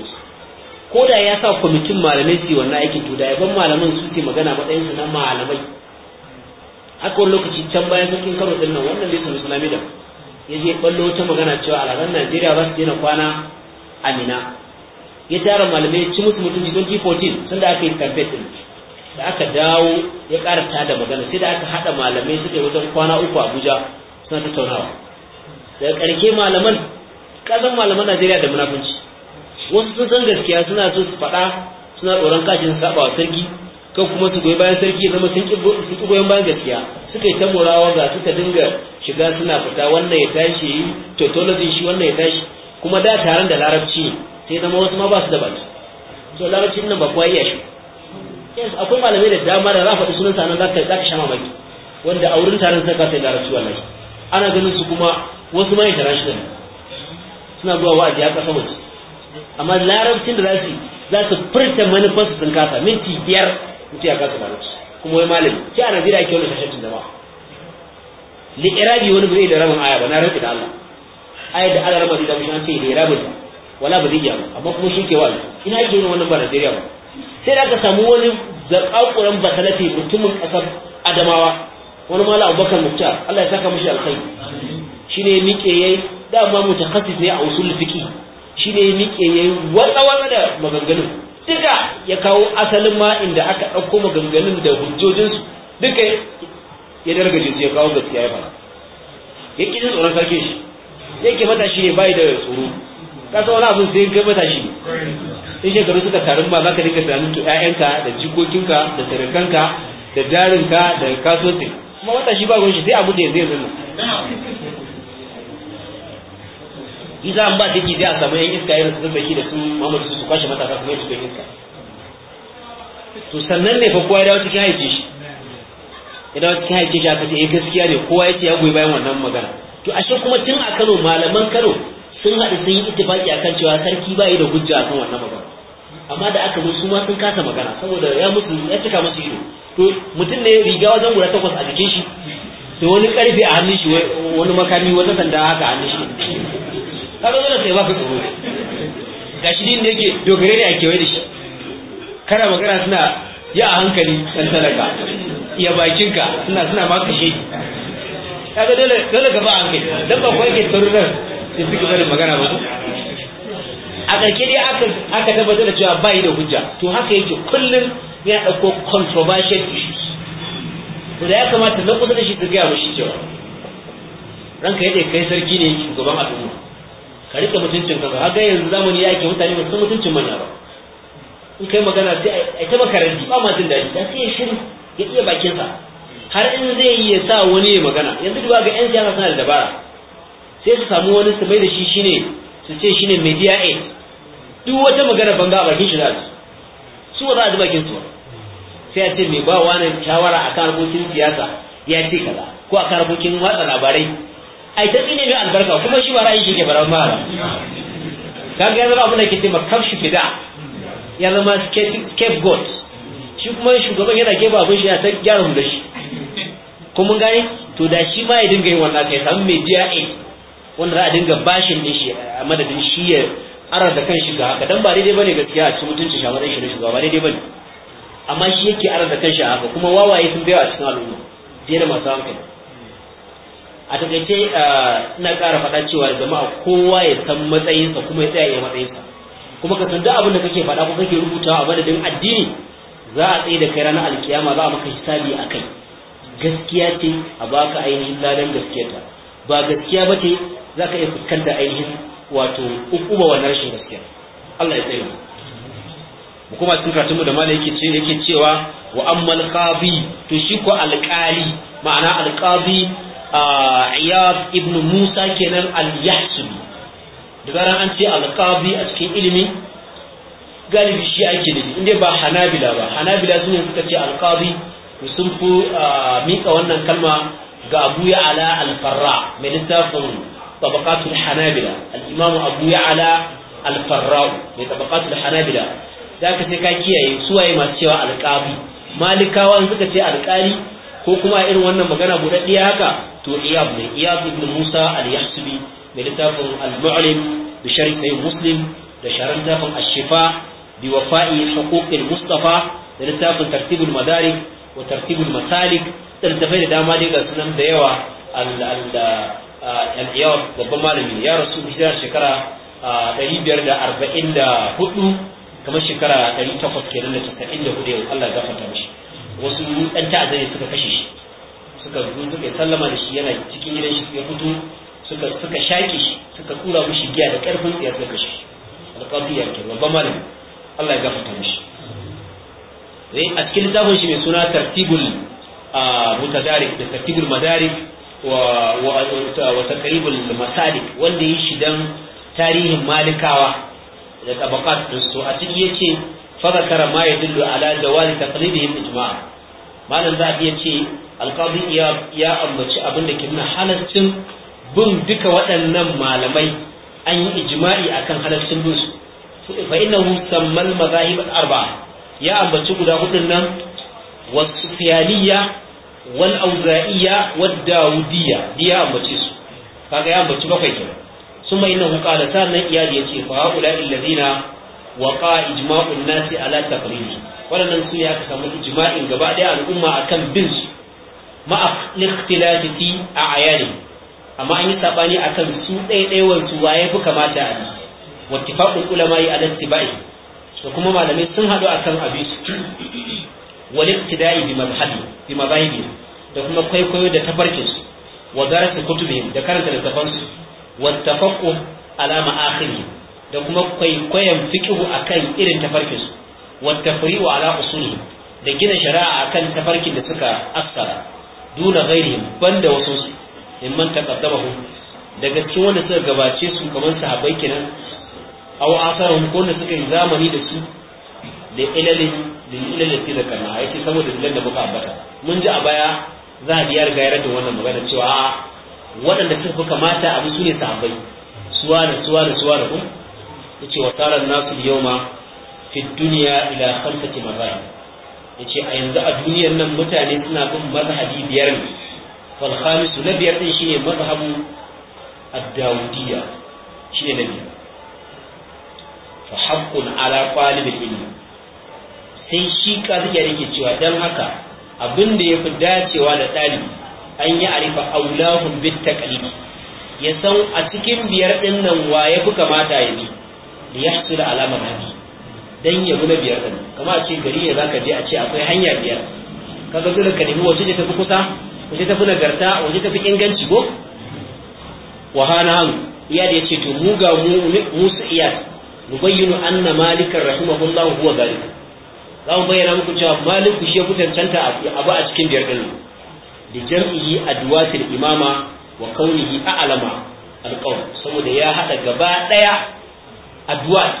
ko da ya sa kwamitin malamai su wannan aikin to da yaban malaman su ke magana matsayin su na malamai haka lokaci can bayan sarkin Kano din nan wannan zai sami islami da ya je ballo wata magana cewa a ranar Najeriya ba su daina kwana amina ya tara malamai ci musu mutunci 2014 sun da aka yi campaign din da aka dawo ya ƙara da magana sai da aka haɗa malamai suka yi wajen kwana uku Abuja suna tattaunawa daga ƙarke malaman ƙasan malaman Najeriya da munafunci wasu sun san gaskiya suna so su faɗa suna tsoron kashin sabawa wa sarki kan kuma su goyi bayan sarki ya zama sun ki goyon bayan gaskiya suka yi ta murawa ga suka dinga shiga suna fita wannan ya tashi yi tautologin shi wannan ya tashi kuma da taron da larabci sai zama wasu ma ba su da baki to larabcin nan ba kowa iya shi yes akwai malamai da dama da za faɗi sunan sanan za zaka sha mamaki wanda a wurin taron sai ka sai larabci wallahi ana ganin su kuma wasu ma international suna zuwa wa'azi ya kasa waje amma larabcin da za su za su furta manufarsu sun kasa minti biyar mutu ya kasu malus kuma wai malami ki a Najeriya ake tunda ba li li'irabi wani bai da rabin aya ba na rantsi da Allah aya da Allah rabin da mushan ce li'irabin wala ba zai ba amma kuma shi ke wani ina yake wani wannan ba Najeriya ba sai da aka samu wani zakakuran basalafi mutumin kasar Adamawa wani malam Abubakar Muktar Allah ya saka mishi alkhairi shine mike yayi dama mutakassis ne a usul fiqi shine mike yayi wata wata da maganganu. duka ya kawo asalin ma inda aka ɗauko maganganun da hujjojinsu duka ya darga jirgin ya kawo gaskiya ya fara ya ƙi tsoron sarki shi ya ke matashi ne bai da tsoro ka san wani abin sai kai matashi ne in shekaru suka tarin ba za ka dinga tunanin to ƴaƴanka da jikokinka da sarakanka da darinka da kasuwancin kuma matashi ba gunshi sai abu da yanzu yanzu Isa an ba take sai a samu yan iska irin su zubaki da su Muhammadu su kwashe matasa kuma su iska. to sannan ne fa kowa ya dawo cikin haike shi ya dawo cikin haike shi aka ce eh gaskiya ne kowa ya ce ya goyi bayan wannan magana to ashe kuma tun a Kano malaman Kano sun haɗu sun yi ittifaki akan cewa sarki ba yi da hujja akan wannan magana amma da aka zo su ma sun kasa magana saboda ya mutu ya cika musu ido to mutum ne riga wajen guda takwas a jikin shi to wani karfe a hannun shi wani makami wata sanda haka a hannun shi kaga da sai ka tsoro gashi din da yake dogare ne a kewaye da shi kana magana suna ya a hankali dan talaka ya bakinka suna suna ma kashe kaga dole dole ka ba hankali dan ba ko yake dan sai suke barin magana ba a ƙarshe dai aka aka tabbatar da cewa bai da hujja to haka yake kullum yana dauko controversial issues to da ya kamata na kusa da shi su gaya mashi cewa ranka yadda kai sarki ne gaban al'umma ka rika mutuncin ka haka yanzu zamani ya mutane ba su mutuncin manya ba in kai magana sai a ta maka ba ma jin daɗi da sai ya ya iya bakinsa har in zai iya sa wani ya magana yanzu duba ga yan siyasa suna da dabara sai su samu wani su mai da shi shine su ce shine media aid duk wata magana banga a bakin shi za su su ba za a ji bakin su sai a ce mai ba wani shawara kan harkokin siyasa ya ce kaza ko kan harkokin watsa labarai ai ta tsine mai albarka kuma shi ba ra'ayi shi ke fara mara kaga yanzu abin da ke ce ma kafshi fida ya zama scapegoat shi kuma shugaban yana gefe abin shi ya san gyara mu da shi ko mun gane to da shi ma ya dinga yin wannan kai samu mai a wanda za a dinga bashin din shi a madadin shi ya arar da kan shi ga haka dan ba daidai bane gaskiya a cikin mutuncin shi a matsayin shi na shugaba daidai bane amma shi yake arar da kan shi a haka kuma wawaye sun a cikin al'umma da masu hankali a takaice eh, ina ƙara faɗa cewa jama'a kowa ya san matsayinsa kuma ya tsaya ya matsayinsa kuma ka san abin da kake faɗa ko kake rubutawa a madadin addini za a tsaye da kai ranar alkiyama za a maka hisabi a kai gaskiya ce a baka ainihin ladan gaskiyarta ba gaskiya ba ce za ka iya fuskantar ainihin wato hukuma wannan rashin gaskiya Allah ya tsaye mu kuma cikin karatun mu da malai yake ce yake cewa wa ammal qabi to shi ko alqali ma'ana a ah, iyad ibn musa kenan al-yahsubi da an ce alqabi a cikin ilimi galibi shi ake shi inda ba hanabila ba hanabila sune suka ce alqabi sun fi miƙa wannan kalma ga abu ya ala alfarra mai littafin tabaqatul hanabila al'imamu abu ya ala alfarra mai tabaqatul hanabila da ka sai ka kiyaye suwaye masu cewa alqabi malikawa suka ce alƙari ko kuma irin wannan magana buɗaɗɗiya haka to iyab ne iyab ibn musa al-yahsubi mai littafin al-mu'lim bi sharh muslim da sharar littafin ash-shifa bi wafa'i huquqil mustafa da littafin tartibul madarik wa tartibul masalik da littafai da dama dai ga sunan da yawa al-iyad babban malami ya rasu hijira shekara 544 kamar shekara 800 kenan da 94 yau Allah ya gafarta mishi wasu ɗan ta'adda ne suka kashe shi suka zo suka sallama da shi yana cikin gidan shi ya fito suka suka shaƙe shi suka kura mishi giya da ƙarfin tsiyar da kashi alƙafi ya ke babban malami Allah ya gafarta mishi zai eh, a cikin littafin shi mai suna tartibul mutadarik da tartibul madarik wa wa masalik wanda yi shi dan tarihin malikawa da tabakat din su a ciki yace fa zakara ma dillo ala jawaz taqlidihim ijma'a malam za a iya ce alqadi ya ambaci abin da ke nuna halaccin bin duka waɗannan malamai an yi ijma'i akan halaccin bin su fa innahu sammal mazahib arba'a ya ambaci guda hudun nan wasufiyaniya wal auza'iyya wad dawudiyya diya ambaci su kaga ya ambaci bakwai kenan summa innahu qala iyali ya yace fa haula alladhina waqa ijma'un nasi ala taqriri waɗannan su ya aka samu ijma'in gaba ɗaya al'umma akan bin su ma'a a ayani amma an yi sabani akan su ɗaiɗaiwan su waye fi kamata a bi faɗin ulama yi ala tibai da kuma malamai sun haɗu akan abi wal iqtida'i bi mazhabi bi mazahibi da kuma kwaikwayo da tabarkin su wa darasa kutubihim da karanta littafan su wa tafaqquh alama ma'akhirihim da kuma kwaikwayon a akan irin tafarkin su wa wa ala usulihim da gina shari'a akan tafarkin da suka askara duna gairi banda wasu su in man taqaddamahu daga cikin wanda suka gabace su kamar sahabbai kenan aw asarun ko wanda suka yi zamani da su da ilalin da ilalin da zakarna yake saboda dalilan da muka ambata mun ji a baya za a biyar ga yaran wannan magana cewa a waɗanda suka fi kamata abu sune ne sahabbai suwa da suwa da suwa da kun yace wa taran nasu yauma fi dunya ila khamsati mazahib yace a yanzu a duniyar nan mutane suna bin mazhabi biyar ne wal khamis na biyar din shine mazhabu ad-dawudiyya shine na sai shi kaziya yake cewa dan haka abin da yafi dacewa da tsari an yi arifa aulahum bit taqlidi ya san a cikin biyar din nan wa yafi kamata ya bi da yahsul ala dan ya bi na biyar din kamar a ce gari ne zaka je a ce akwai hanya biyar kaga dole ka nemi wace ce tafi kusa ta tafi nagarta waje tafi inganci ko Wahana hannu. iya da yace to mu ga mu su iya nubayyinu anna malikan rahimahullah huwa galik za mu bayyana muku cewa malik shi ya kutancanta abu a cikin biyar din da jam'i adwatil imama wa kaunihi a'lama alqawl saboda ya hada gaba daya adwat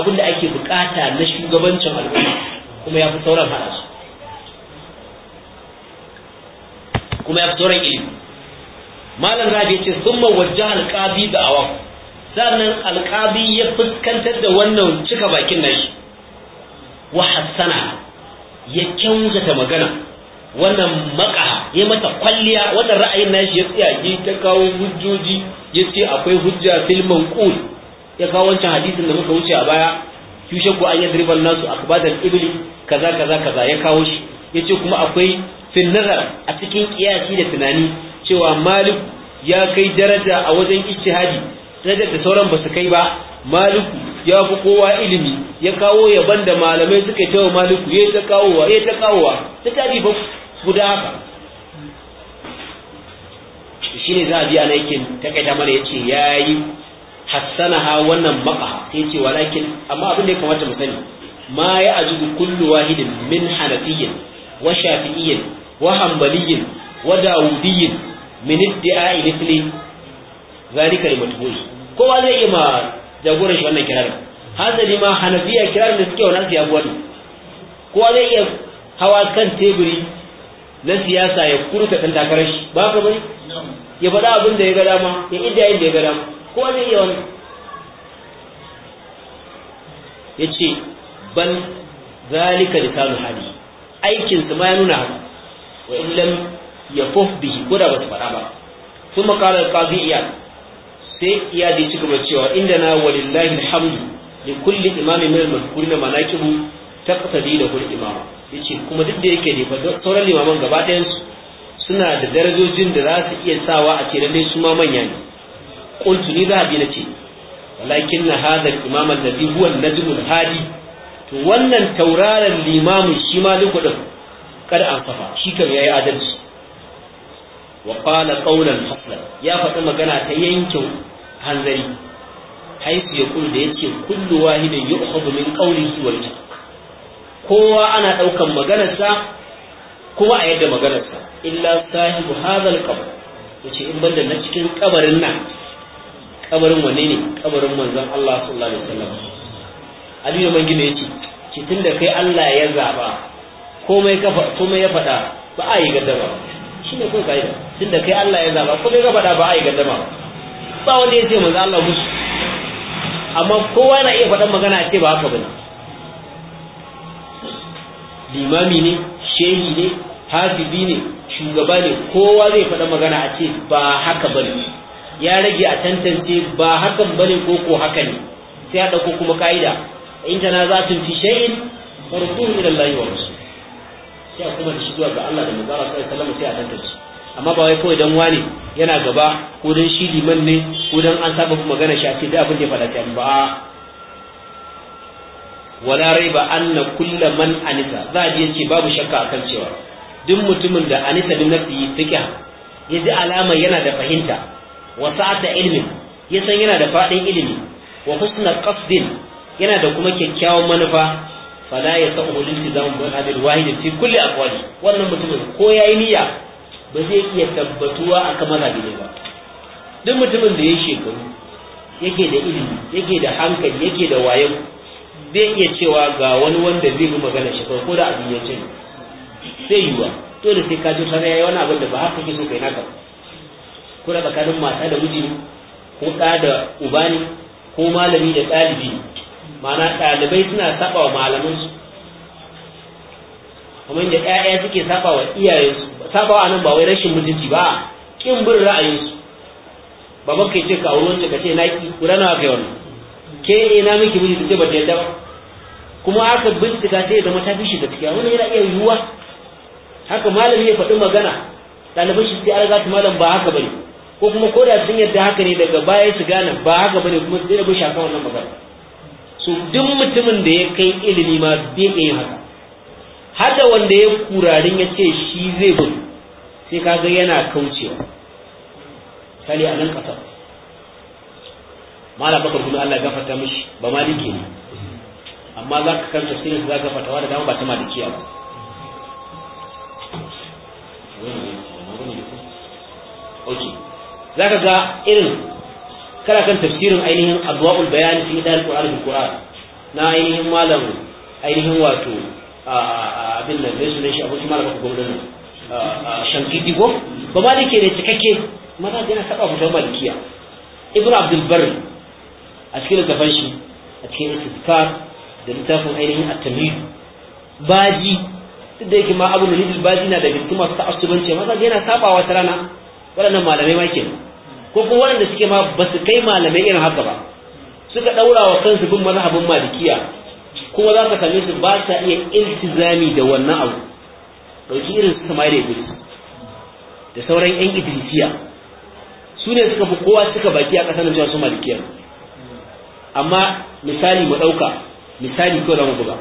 abinda ake bukata na shugabancin al'umma kuma ya fi sauran hada su kuma ya fi ilimi malam rabi ya ce sun mawajja alƙabi da awam sannan alƙabi ya fuskantar da wannan cika bakin nashi wa hassana ya kyautata magana wannan maka ya mata kwalliya wannan ra'ayin nashi ya tsiyage ta kawo hujjoji ya ce akwai hujja fil manqul ya kawo wancan hadisin da muka wuce a baya yushe ko an yadriban nasu a ibli kaza kaza kaza ya kawo shi yace kuma akwai fil nazar a cikin kiyasi da tunani cewa malik ya kai daraja a wajen ijtihadi daraja da sauran ba su kai ba malik ya fi kowa ilimi ya kawo yaban da malamai suka yi malik ya ta kawowa ya ta kawowa ta tabi ba guda haka shi ne za a biya na yakin takaita mana ya ce ya yi hassana ha wannan maka sai ce walakin amma abin da ya kamata mu sani ma ya ajibu kullu wahidin min hanafiyyin wa shafi'iyyin wa hanbaliyin wa dawudiyin min idda'i mithli zalika limatbu'i kowa zai yi ma jagoran shi wannan kirarin hasali ma hanafiya kirar da suke wannan siya gwani kowa zai iya hawa kan teburi na siyasa ya kurta kan takarar shi ba ka bai ya faɗa abin da ya ga dama ya iddayin da ya ga dama kowa zai iya wannan yace ban zalika lisanu hali aikin su ma ya nuna haka wa in lam yafuf bihi ko da ba faɗa ba sun kala da iya sai iya ya ci gaba cewa inda na walillahi alhamdu li kulli imamin min al-mazkurin manaqibu taqtadi da kulli imama yace kuma duk da yake ne fa sauran limaman gaba ɗayan su suna da darajojin da za su iya sawa a ce lalle su ma manya ne qultu ni bi nace walakin hadha al-imam alladhi huwa an al-hadi to wannan tauraron limamin shi ma duk kada an kafa shi kam yayi adalci wa qala qawlan faslan ya faɗi magana ta yankin hanzari haifu ya kullu da yace kullu wahidin yu'khadhu min qawlihi wal kowa ana ɗaukan maganarsa kuma a yadda maganarsa illa sahibu hadhal qabr yace in banda na cikin kabarin nan kabarin wanne ne kabarin manzon Allah sallallahu alaihi wasallam Aliyu Mangina yace ki tunda kai Allah ya zaba komai kafa komai ya faɗa ba a yi gaddama shi ne kawai ka'ida tunda kai Allah ya zaba komai ka faɗa ba a yi gaddama ba wanda ya ce manzo Allah musu amma kowa na iya faɗan magana a ce ba haka bane limami ne shehi ne hafizi ne shugaba ne kowa zai faɗa magana a ce ba haka bane ya rage a tantance ba hakan bane ko ko haka ne sai a ɗauko kuma ka'ida in tana za tun fi shay'in farqun ila Allah wa sai a kuma da shi zuwa ga Allah da manzara sai kallon sai a shi amma ba wai kawai dan wani yana gaba ko dan shi liman ne ko dan an saba magana shi a ce Da abin da ya faɗa ba wala raiba anna kulla man anisa za a ce babu shakka akan cewa duk mutumin da anisa bin nafsi fiqh ya ji alama yana da fahimta wa sa'ata ilmin ya san yana da fadin ilimi wa husna qasdin yana da kuma kyakkyawan manufa fala ya sa'u liltizamu bi hadil wahid fi kulli aqwali wannan mutumin ko yayi niyya ba zai iya tabbatuwa akan mazhabi ne ba duk mutumin da ya shekaru yake da ilimi yake da hankali yake da wayo zai iya cewa ga wani wanda zai bi magana shi ko da abin ya ce sai yiwa dole sai ka ji sana yayi wani abin da ba haka kake so kai naka kuna tsakanin mata da miji ko da uba ne ko malami da ɗalibi ma'ana ɗalibai suna saba wa malamansu kamar ɗaya ɗaya suke saba wa iyayensu saba wa nan ba wai rashin mutunci ba kin bin ra'ayinsu ba kai ce ka auri wanda ka ce na ki kura nawa kai wannan ke ina miki miji ce ba ta yadda ba kuma aka bincika sai da ta fi shi gaskiya wannan yana iya yiwuwa haka malami ya faɗi magana ɗaliban shi sai an riga malam ba haka bane ko kuma ko da sun yadda haka ne daga baya su gane ba haka bane kuma sai da bin shakan wannan magana Su duk mutumin da ya kai ilimi ma bai kai haka hada wanda ya kurarin ya ce shi zai bin sai kaga yana kaucewa misali a nan ƙasar mala bakar kuma Allah gafarta mishi ba maliki ne amma za ka kanta sai za ka wa da dama ba ta maliki ba ok za ka ga irin kana kan tafsirin ainihin adwaul bayan fi dal qur'an bil qur'an na ainihin malam ainihin wato abin nan da sunan shi abu ismail ba gwamnati shankiti ko ba malike ne cikakke maza yana saba fitar malikiya ibnu abdul barri a cikin littafin shi a cikin istikar da littafin ainihin at-tamhid baji duk da yake ma abu da baji na da bintu masu ta'assubanci maza yana saba wata rana waɗannan malamai ma kenan ko kuma waɗanda suke ma ba su kai malamai irin haka ba suka ɗaura wa kansu bin mazhabin malikiya kuma za ka same su ba sa iya iltizami da wannan abu ɗauki irin su samari gudu da sauran yan idrisiya su ne suka fi kowa suka baki a ƙasar cewa su malikiya amma misali mu ɗauka misali kawai za mu buga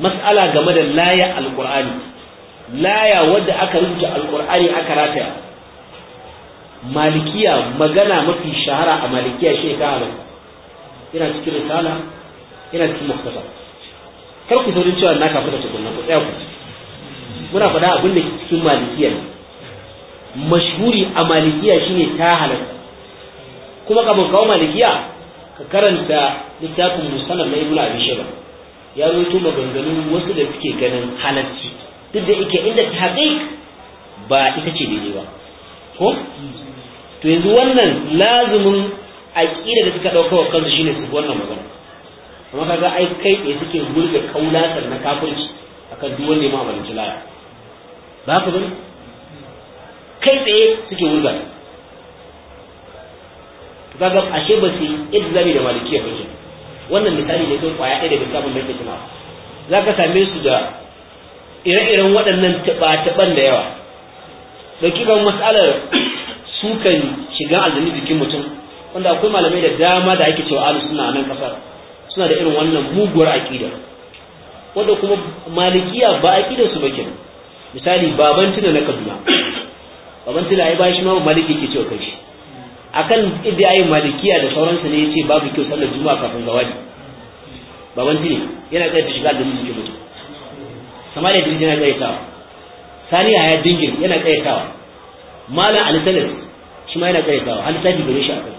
mas'ala game da laya alƙur'ani laya wadda aka rubuta alƙur'ani aka rataya malikiya magana mafi shahara a malikiya shi ka halal Ina cikin risala ina cikin muhtasa kar ku saurin cewa na kafa da nan ku tsaya ku muna faɗa abin da cikin malikiya ne mashhuri a malikiya shine ta halal kuma kafin kawo malikiya ka karanta littafin musanad na ibnu abi shiga. ya rubuto maganganun wasu da suke ganin halalci duk da yake inda ta haɗe ba ita ce daidai ba ko to yanzu wannan lazumin aƙida da suka ɗauka wa kansu shine su wannan magana amma kaga ai kai ne suke gurbe kaulatar na kafirci akan duk wanda ya ma'amalanci laya ba ku bane kai tsaye suke wurga to kaga ashe ba su ilzami da malikiya ba ke wannan misali ne sai kwaya ɗaya daga sabon da yake za ka same su da ire-iren waɗannan taɓa-taɓan da yawa da kiran matsalar sukan shiga aljanni jikin mutum wanda akwai malamai da dama da ake cewa alu suna nan kasar suna da irin wannan muguwar aƙida. wanda kuma malikiya ba aƙidar su bakin misali baban tuna na Kaduna baban tuna ai bashi ma maliki ke cewa kai shi akan idda ai malikiya da sauransu ne ya ce babu kyau sallar juma'a kafin gawadi baban tuna yana da shiga aljanni jikin mutum samariya jirgin ya tsaye saniya ya dingil yana kayyatawa malam alisalis shi ma yana kayyatawa har tafi gare shi akai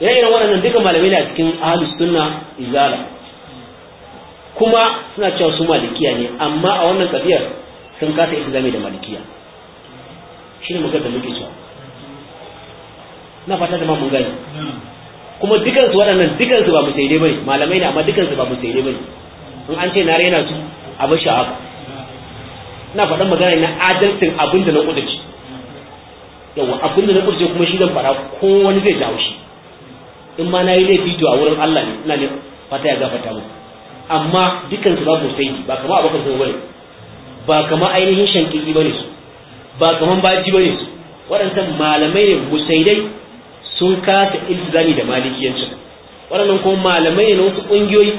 ire iren waɗannan duka malamai ne a cikin ahlus sunna izala kuma suna cewa su malikiya ne amma a wannan tafiyar sun kasa islami da malikiya shi ne magana da muke so na fata da ma mun gani kuma dukansu waɗannan dukansu ba mu sai dai bane malamai ne amma dukansu ba mu sai dai bane in an ce na raina su a bashi haka na faɗan magana na adalcin abin da na ƙudurci yawa abin da na ƙudurci kuma shi zan fara ko wani zai jawo shi in ma na yi laifi a wurin Allah ne ina ne fata ya gafata mu amma dukkan su babu sai ba kama abokan su bane ba kama ainihin shankiki ne su ba kama baji ne su waɗannan malamai ne musaidai sun kasa iltizami da malikiyancin waɗannan kuma malamai ne na wasu ƙungiyoyi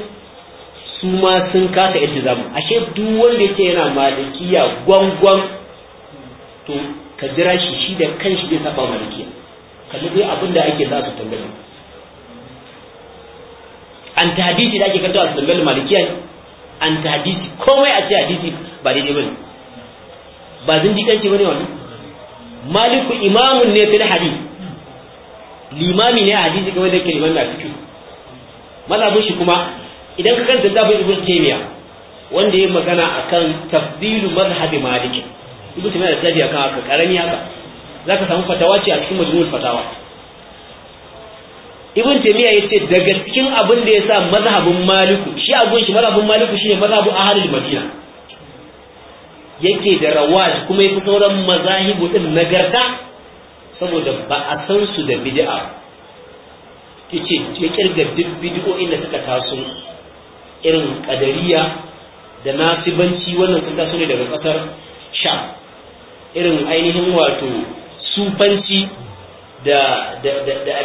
su ma sun kasa mu ashe duk wanda yake yana malikiya gwangwan to ka jira shi shi da kanshi zai saba malikiya kalli dai abin da ake za su tambaye an ta hadisi da ake kanta a tambayar malikiya an ta hadisi komai a ce hadisi ba daidai bane ba zan ji kanci bane wannan maliku imamun ne fil hadisi limami ne a hadisi kamar da ke limami a fiqh mazabin shi kuma idan ka kanta tafin ibn taymiya wanda ya magana akan tafdilu mazhabi malik ibn taymiya da tafi akan haka karami haka zaka samu fatawa ce a cikin majmu'ul fatawa ibn taymiya yace daga cikin abin da yasa madhhabun maliku shi a gun shi maliku shine madhhabu ahlul madina yake da rawaj kuma yafi sauran mazahibu din nagarta saboda ba a san su da bid'a yace ya kirga duk bid'o'in da suka taso irin kadariya da nasibanci wannan sun taso ne daga ƙasar sha. irin ainihin wato sufanci da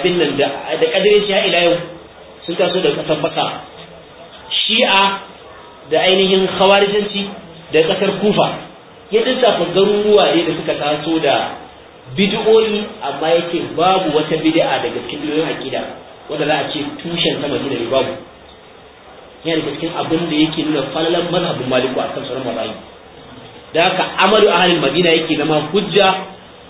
abin nan da ƙadirin ya ila yau sun taso daga ƙasar baka shi'a da ainihin khawarijanci da ƙasar kufa ya lissafa garuruwa ne da suka taso da bid'o'i amma yake babu wata bid'a daga cikin bidiyoyin wanda za a ce tushen sama ne babu yana da cikin abin da yake nuna falalan mazhabin maliku kan sauran mazhabi da haka amalu ahalin madina yake zama hujja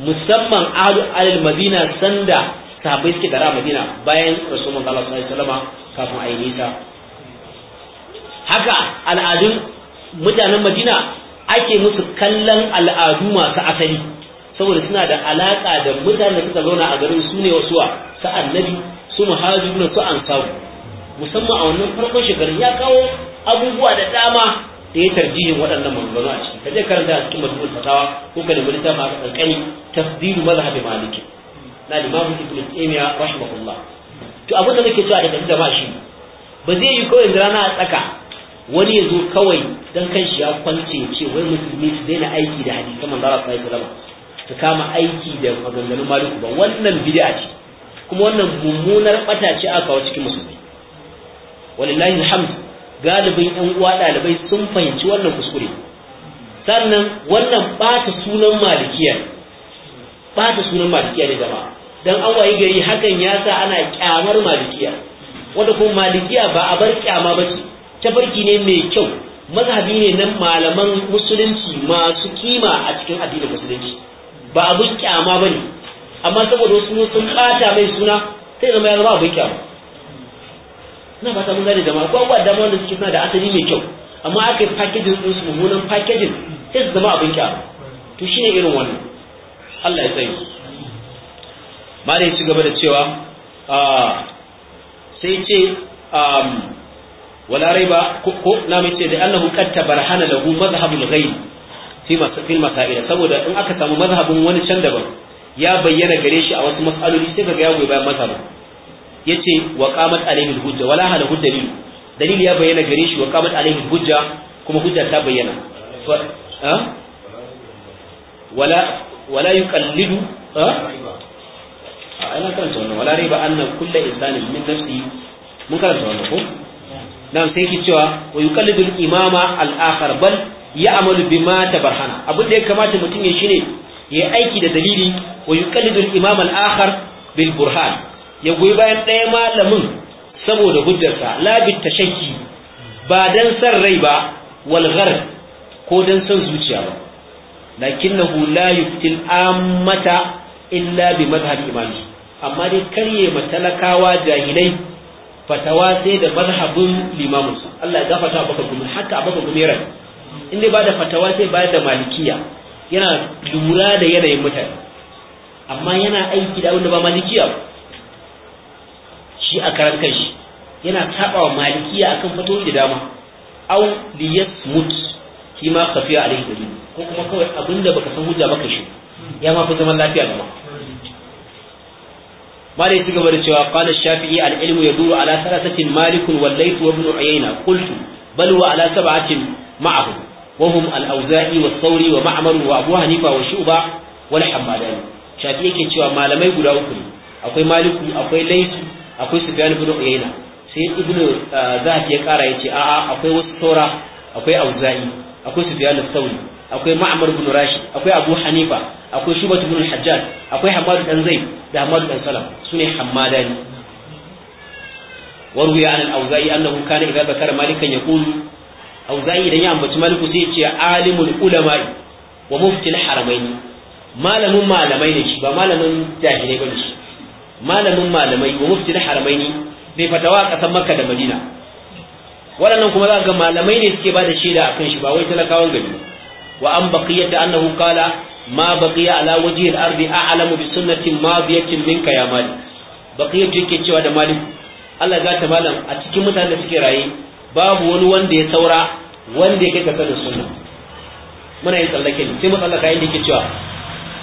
musamman ahlul madina sanda sahabbai suke da madina bayan rasulun Allah sallallahu alaihi wasallam kafin a yi nisa haka al'adun mutanen madina ake musu kallon al'adu masu asali saboda suna da alaka da mutanen da suka zauna a garin su ne wasuwa su annabi su muhajiru su ansaru musamman a wannan farkon shekarun ya kawo abubuwa da dama da ya tarjihin waɗannan maganganu a ciki kaje karanta a cikin majalisar fatawa ko ka nemi littafin aka kankani tafdilu mazhabi maliki na limamu ibn taymiya rahimahullah to abin da nake cewa da kaji jama'a shi ba zai yi kawai da rana a tsaka wani ya zo kawai dan kan shi ya kwance ya ce wai musulmi su daina aiki da hadisan manzo Allah sallallahu alaihi wasallam su kama aiki da maganganun maliku ba wannan bid'a ce kuma wannan mummunar bata ce aka kawo cikin musulmi walillahi alhamd galibin yan uwa dalibai sun fahimci wannan kuskure sannan wannan bata sunan malikiya bata sunan malikiya ne jama'a dan an wayi gari hakan ya sa ana kyamar malikiya wanda kuma malikiya ba a bar kyama ba ce tafarki ne mai kyau mazhabi ne na malaman musulunci masu kima a cikin addinin musulunci ba abin kyama ba amma saboda wasu sun bata mai suna sai zama ya zama abin kyama suna ba mun gane jama'a ko abubuwa dama wanda suke suna da asali mai kyau amma aka yi sun su mummunan fakejin sai su zama abin kyau to shi ne irin wannan Allah ya tsaye malai ci gaba da cewa sai ce wala raiba ko na mai ce da annahu barhana da lahu mazhabul ghaib fi masafil masail saboda in aka samu mazhabin wani can daban ya bayyana gare shi a wasu mas'aloli sai kaga ya goyi bayan mazhabin yace wa qamat alayhi hujja wala hujja ne dalil ya bayyana gare shi wa qamat alayhi hujja kuma hujja ta bayyana wala wala yuqallidu ina karanta wannan wala riba anna kullu insani min nafsi mun karanta wannan ko dan sai ki cewa wa yuqallidu al-imama al-akhar bal ya'malu bima tabahana abin da ya kamata mutum ya shine ya aiki da dalili wa yuqallidu al-imama al-akhar bil burhan ya goyi bayan ɗaya malamin saboda hujjarsa labin tashakki ba dan san rai ba walghar ko dan san zuciya ba lakinnahu la yuftil ammata illa bi mazhab imami amma dai karye matalakawa jahilai fatawa sai da mazhabin limaminsu Allah ya gafata baka kuma haka baka kuma yaran in dai ba da fatawa sai ba da malikiya yana lura da yanayin mutane amma yana aiki da wanda ba malikiya ba shi a karan shi yana saba wa malikiya akan fatoyi da dama aw li yasmut shi ma khafiya alayhi dalil ko kuma kawai abinda baka san hujja baka shi ya ma fi zaman lafiya ma malai ci gaba da cewa qala shafi'i al-ilmu yaduru ala thalathatin malik wal layth wa ibn uyayna qultu bal wa ala sab'atin ma'ahu wa hum al-awza'i wa thawri wa ma'mar wa abu hanifa wa shu'ba wal hamadani shafi'i yake cewa malamai guda uku ne akwai maliku akwai layth akwai Sufyan ibn Uyayna sai Ibn ah, Zahabi ya kara yace a'a akwai wasu saura akwai Auza'i akwai Sufyan al akwai Ma'amar ibn Rashid akwai Abu Hanifa akwai Shubah ibn hajjaj akwai hamad dan Zaid da hamad dan Salam sune Hammadani وروي عن الأوزاعي أنه كان إذا ذكر dan ya ambaci إذا يعم ce alimul عالم wa ومفتي haramaini malamin malamai ne shi ba malamin jahilai ba shi malamin malamai wa mufti na haramaini bai fatawa a ƙasar makka da madina waɗannan kuma za ga malamai ne suke ba da shaida a kan shi ba wai talakawan gari wa an baqiyat da annahu qala ma baqiya ala wajhi al-ardi a'lamu bi sunnati madiyatin minka ya mali baqiyat yake cewa da mali Allah za ta malam a cikin mutanen da suke raye babu wani wanda ya saura wanda ya kai ka sanin sunna muna yin tsallake sai mu tsallaka yadda yake cewa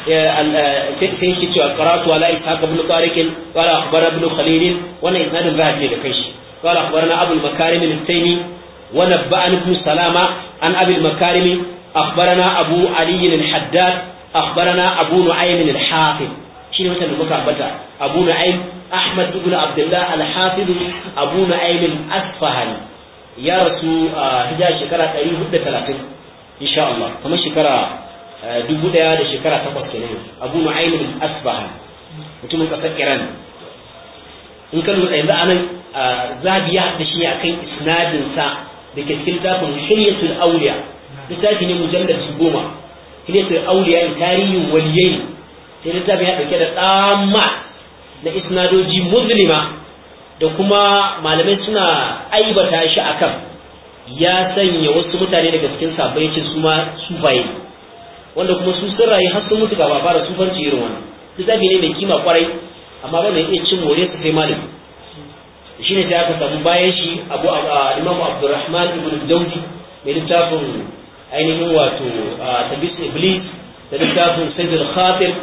sai yake cewa qara'tu ala ishaq ibn tariq wala akhbara ibn khalil wannan isnadin zahabi ne da kai shi qala akhbarana abul makarim al-taymi wa ibn salama an abil makarim akhbarana abu ali al-haddad akhbarana abu nu'aym al-hafiz shine wata da muka ambata abu nu'aym ahmad ibn abdullah al-hafiz abu nu'aym al-asfahani ya rasu hijira shekara 430 insha Allah kamar shekara Eh, dubu ɗaya da shekara takwas ke nan abu nu'aym ainihin asbahan mutumin kasar iran in ka lura yanzu anan eh, zabiya da shi akan isnadin sa da ke cikin zafin hiliyatul auliya littafi ne mujallar su goma hiliyatul auliya tarihin waliyai sai littafin ya dauke da tsama na isnadoji muslima da kuma malamai suna aibata shi akan ya sanya wasu mutane daga cikin sabai cin su ma sufaye wanda kuma su sun rayu har sun mutu ga babara farci irin wannan littafi ne mai kima kwarai amma ba mai iya cin more su sai malami shi ne sai aka samu bayan shi abu imam abdurrahman ibn daudi mai littafin ainihin wato tabis iblis da littafin sayyidul khatir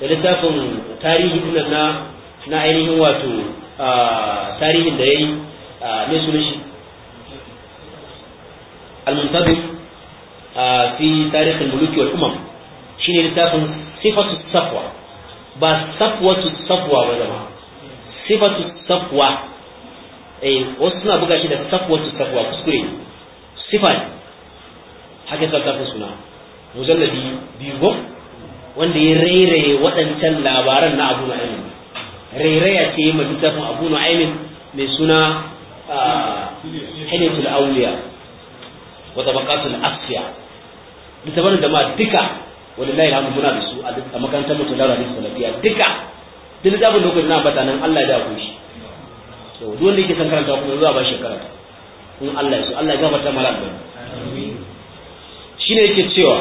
da littafin tarihi din na na ainihin wato tarihin da yayi mai sunan shi al-muntabir fi tarihi muluki wal umam shine littafin sifatu safwa ba safwatu safwa ba zama sifatu safwa eh wasu suna buga shi da safwatu safwa kuskure sifa ne haka safafin suna mujalladi biyu wanda ya rairaye waɗancan labaran na abu nu'aymin rairaya ce mai littafin abu nu'aymin mai suna hilatul awliya wa tabaqatul asfiya littafin jama'a duka wallahi alhamdu muna da su a makarantar mu ta daura salafiya duka duk littafin da kuka na bata nan Allah ya da shi to duk wanda yake san karanta kuma zuwa ba shi karanta in Allah ya so Allah ya gafarta mala albarka shine yake cewa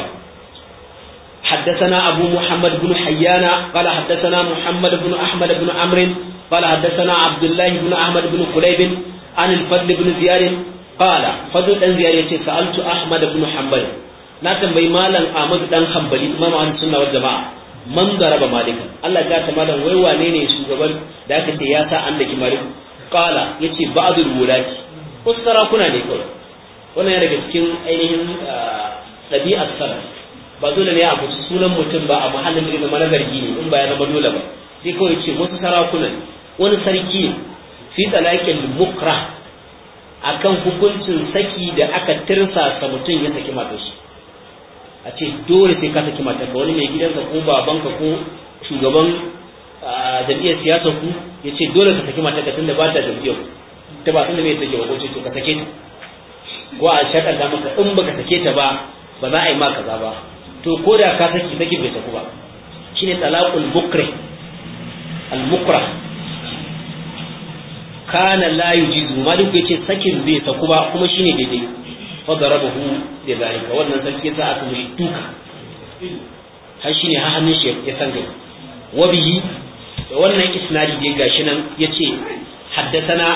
حدثنا أبو محمد بن حيان قال حدثنا محمد بن أحمد بن عمرو قال حدثنا عبد الله بن أحمد بن قليب عن الفضل بن زياد قال فضل بن زياد سألت أحمد بن حنبل na tambayi malam Ahmad dan Hanbali imam Ahmad Sunna wal Jama'a man garaba Malik Allah ya ta malam wai wane ne shugaban da aka ce ya sa an Malik qala yace ba'dul wulati wasu sarakuna ne kawai wannan ya daga cikin ainihin ah, ɗabi'ar salaf ba dole ne a musu sunan mutum ba a mahallin da ne na gini ne in ba ya zama dole ba sai kawai ce wasu sarakunan wani sarki ne fi talakin mukra akan hukuncin saki da aka tirsasa mutum ya saki matashi shi a ce dole sai ka saki matarka wani mai gidanka ko babanka ko shugaban jam'iyyar siyasar ku ya ce dole ka saki matarka tunda ba ta jam'iyyar ta ba tunda mai take ko ce to ka sake ta ko a shakanta maka in ka sake ta ba ba za a yi ma kaza ba to ko da ka saki saki bai saku ba shine talaqul bukri al mukra kana la yujizu maliku yace sakin bai saku ba kuma shine daidai fa darabahu da zalika wannan sarki yasa aka duka har shi ne hannun shi ya san gani wa da wannan isnadi dai gashi nan yace haddathana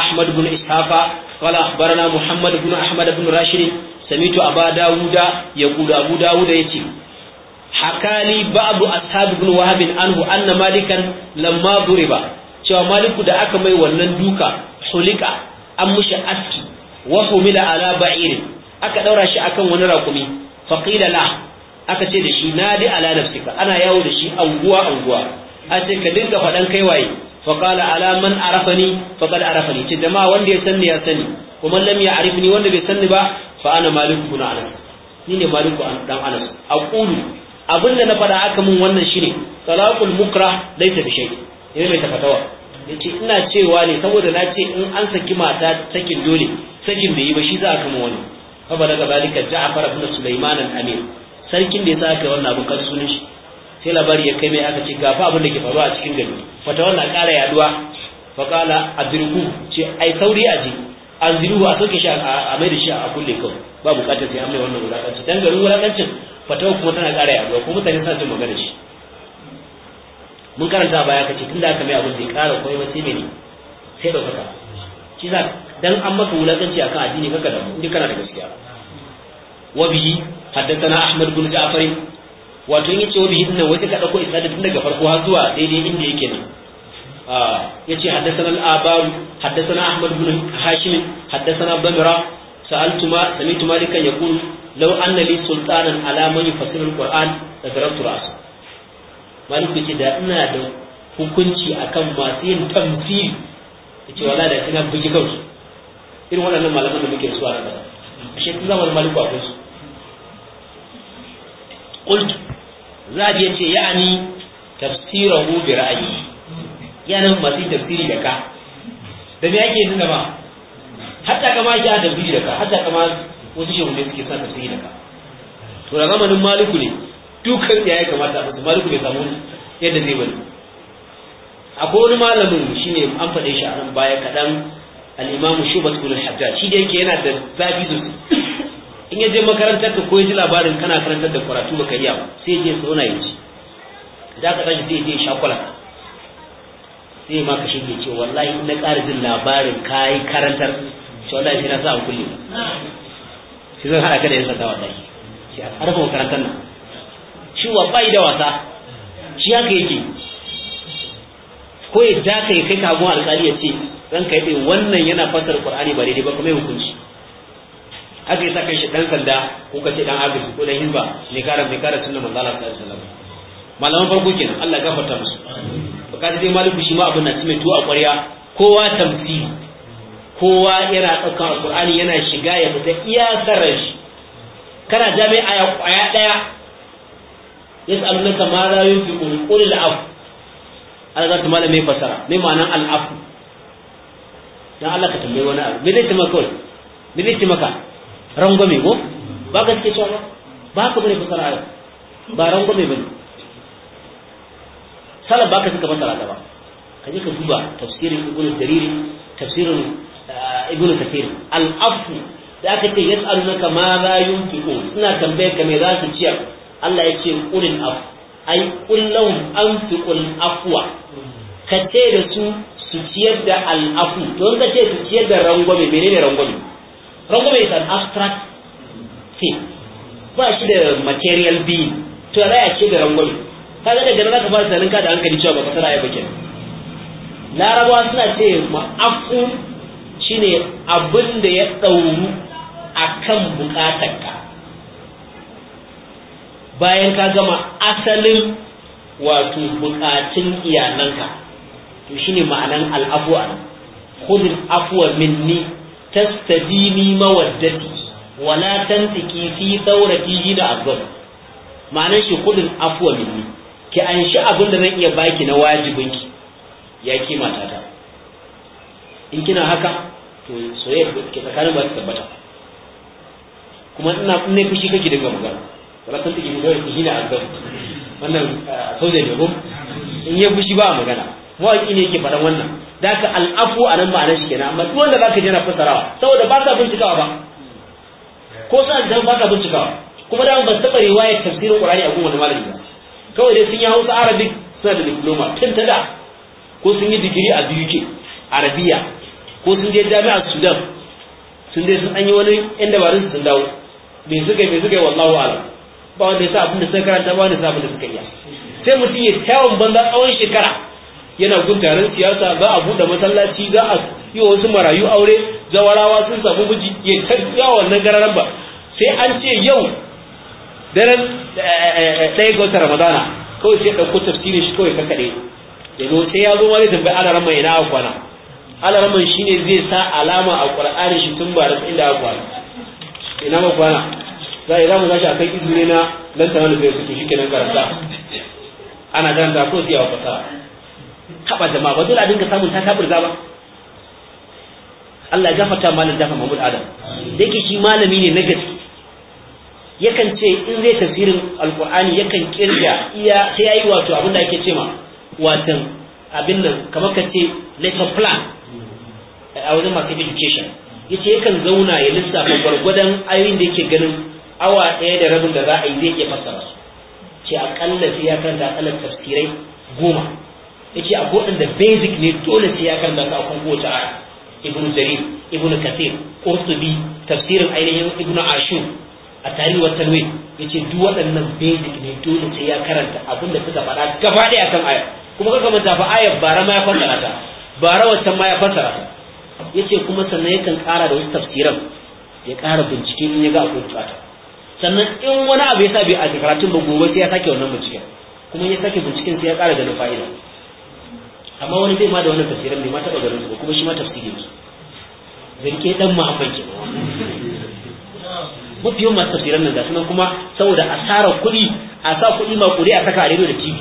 ahmad ibn ishafa qala akhbarana muhammad ibn ahmad ibn rashid samitu aba dawuda yaqulu abu dawuda yace hakali babu ashab ibn wahab anhu anna malikan lamma duriba cewa maliku da aka mai wannan duka hulika an mushi aski wa humila ala ba'ir aka daura shi akan wani raƙumi qila la aka ce da shi nadi ala nafsika ana yawo da shi anguwa anguwa a ce ka dinga faɗan kai waye qala ala man arafani faqad arafani ce jama'a wanda ya sanni ya sani kuma lam ya arifni wanda bai sanni ba fa ana maliku kuna anas ni ne maliku dan anas aqulu abinda na faɗa aka mun wannan shine talaqul mukrah laita bi shay'in ne mai tafatawa yace ina cewa ne saboda na ce in an saki mata sakin dole sakin bai yi ba shi za a kama wani fa daga zalika ja'far ibn sulaiman al-amir sarkin da ya saka wannan abu kan sunan shi sai labari ya kai mai aka ce gafa abin da ke faruwa a cikin gari fata wannan ƙara yaduwa fa qala adriku ce ai sauri a ji an ziru a soke shi a mai da shi a kulle kawai ba bukatar sai an mai wannan wulakanci dan garin wulakancin fatawa kuma tana ƙara yaduwa ko mutane suna jin magana shi mun karanta baya kace tun da aka mai abin ya kara koyi ba sai da sai shi za dan an maka wulakanci akan addini kaka da mu kana da gaskiya wa bihi haddathana ahmad bin ja'far wato in ce wa bihi dinnan wai ka dauko da tun daga farko har zuwa daidai inda yake nan ah, yace haddathana al-abar haddathana ahmad bin hashim haddathana bamra sa'altu ma sami'tu malikan yaqul law anna li sultanan ala man yufassiru al-qur'an la darabtu ra'sa maliku ce da ina da hukunci akan masu yin tamfili da ce wala da na bugi kansu irin waɗannan malaman da muke su a nan a shekun zamanin maliku akwai su biya ce ya ya'ani tafsirar bi ra'ayi yana masu tafsiri da ka da me ake nuna ba hatta kama ya da tafsiri da ka hatta kama wasu shehu ne suke sa tafsiri da ka to da zamanin maliku ne dukan ya kamata a mutu maliku bai samu yadda zai wani akwai wani malamin shine an faɗe shi a nan baya kaɗan al'imamu shubat kulul hajjaj shi da yake yana da zafi sosai in ya je makarantar ka ko ya ji labarin kana karantar da karatu baka iya ba sai ya je sauna ya ci za ka tashi sai ya je shakwala sai ma ka shige ce wallahi na ƙara jin labarin kayi karantar shi wallahi shi na sa a kulle sai zan haɗa ka da yan sanda wallahi sai a harfa makarantar nan cewa bai da wasa shi haka yake ko ya ja ka kai ka gun alƙali ya ce ranka ya wannan yana fasar qur'ani ba daidai ba kuma ya hukunci haka yasa kai shi dan sanda ko ka kace dan agaji ko dan hizba ne kara ne kara sunna manzo Allah sallallahu alaihi wasallam malaman farko kenan Allah gafarta musu bukata dai maliku shi ma abin nan mai tuwa a ƙwarya kowa tamsiri kowa yana ɗaukar alƙur'ani yana shiga ya fita iya sarar shi kana jami'a aya ɗaya yas'alunaka ma la yunfiqun qul da afu Allah za ta mala mai fasara mai ma'anan al'afu dan Allah ka tambayi wani abu me zai taimaka kawai me zai taimaka rangwame ko ba ka cike cewa ba ka bane fasara ayat ba rangwame bane salaf ba ka ka fasara ta ba ka je ka duba tafsirin ibnu jariri tafsirin eh, ibnu kathir al'afu da aka ce yas'alunaka ma la yunfiqun suna tambayar ka mai za su ciyar Allah ya ce ƙulin afu ai ƙullahun an fi afuwa ka ce da su su ciyar da al'afu don ka ce su ciyar da rangwame menene rangwame rangwame is an abstract thing ba shi da material being to ya a ce da rangwame ka ga daga za ka fara sanin ka da hankali cewa ba sana ya bakin larabawa suna ce ma'afu shine abin da ya ɗauru akan bukatarka bayan ka gama asalin wato bukatun iyananka to shine ma'anan al'afu an khudh afwa minni tastadini mawaddati wala tantiki fi thawrati hida azab ma'anan shi khudh afwa minni ki anshi abin da zan iya baki na wajibinki ya ki matata in kina haka to soyayya ki tsakanin ba ta tabbata kuma ina ne fushi kake daga magana kan take mu dole hina azab wannan eh, sauje ne gum in ya fushi ba magana mawaki ne yake faɗan wannan da ka al'afu a nan ma'anar shi kenan amma duk wanda baka jira fasarawa saboda ba sa bincikawa ba ko sa da ba sa bincikawa kuma da ta taɓa riwaya tafsirin qur'ani a gun malami ba kawai dai sun yi hausa arabic suna da diploma tun ta da ko sun yi digiri a uk arabiya ko sun je jami'ar sudan sun dai sun an yi wani yan dabarun sun dawo bai suka bai suka wallahu a'lam ba wanda ya sa abin da suka karanta ba wanda ya sa abin da suka iya sai mutum ya tawon banza tsawon shekara yana gun siyasa za a buɗe masallaci za a yi wasu marayu aure zawarawa sun samu miji ya tafiya wannan gararan ba sai an ce yau daren eh, eh, eh, ɗaya ga wata ramadana kawai sai ɗauko tafsirin shi kawai kakaɗe zo sai ya zo ma zai tambayi alaran ramai ina kwana ala mai shine zai sa alama a ƙwar'anin shi tun ba inda akwana. ina ma kwana za za mu a kai izini na dan tana da su shi kenan karanta ana karanta ko siya wa fasa haba jama'a ba dole a dinga samun ta kaburza ba Allah ya gafarta malam Jafar Mahmud Adam yake shi malami ne na gaske yakan ce in zai tafsirin alqur'ani yakan kirga iya sai yayi wato abin da ake ce ma watan abin nan kamar ka ce lesson plan a wajen masu education yace yakan zauna ya lissafa gwargwadon ayoyin da yake ganin awa ɗaya da rabin da za a yi zai iya fassara su ce a ƙalla sai ya karanta akalla tafsirai goma yace a godin da basic ne dole sai ya karanta a kan kowace aya ibn jarir ibn kathir qurtubi tafsirin ainihin ibn ashur a tarihi wa tanwin yace duk waɗannan basic ne dole sai ya karanta abin da suka faɗa gaba ɗaya kan aya kuma kaga mun tafi ayar bara ma ya fassara ta bara wancan ma ya fassara ta yace kuma sannan yakan ƙara da wasu tafsiran ya ƙara binciken in ya ga akwai bukata sannan in wani abu ya sa bai a karatun ba gobe sai ya sake wannan binciken kuma ya sake binciken sai ya ƙara ganin fa'ida amma wani bai ma da wannan tafsirin bai ma taɓa ganin su ba kuma shi ma tafsirin su zanke dan muhammad ke mafi yawan masu tafsirin nan ga sunan kuma saboda asarar kuɗi a sa kuɗi ma kuɗi a saka a rediyo da tv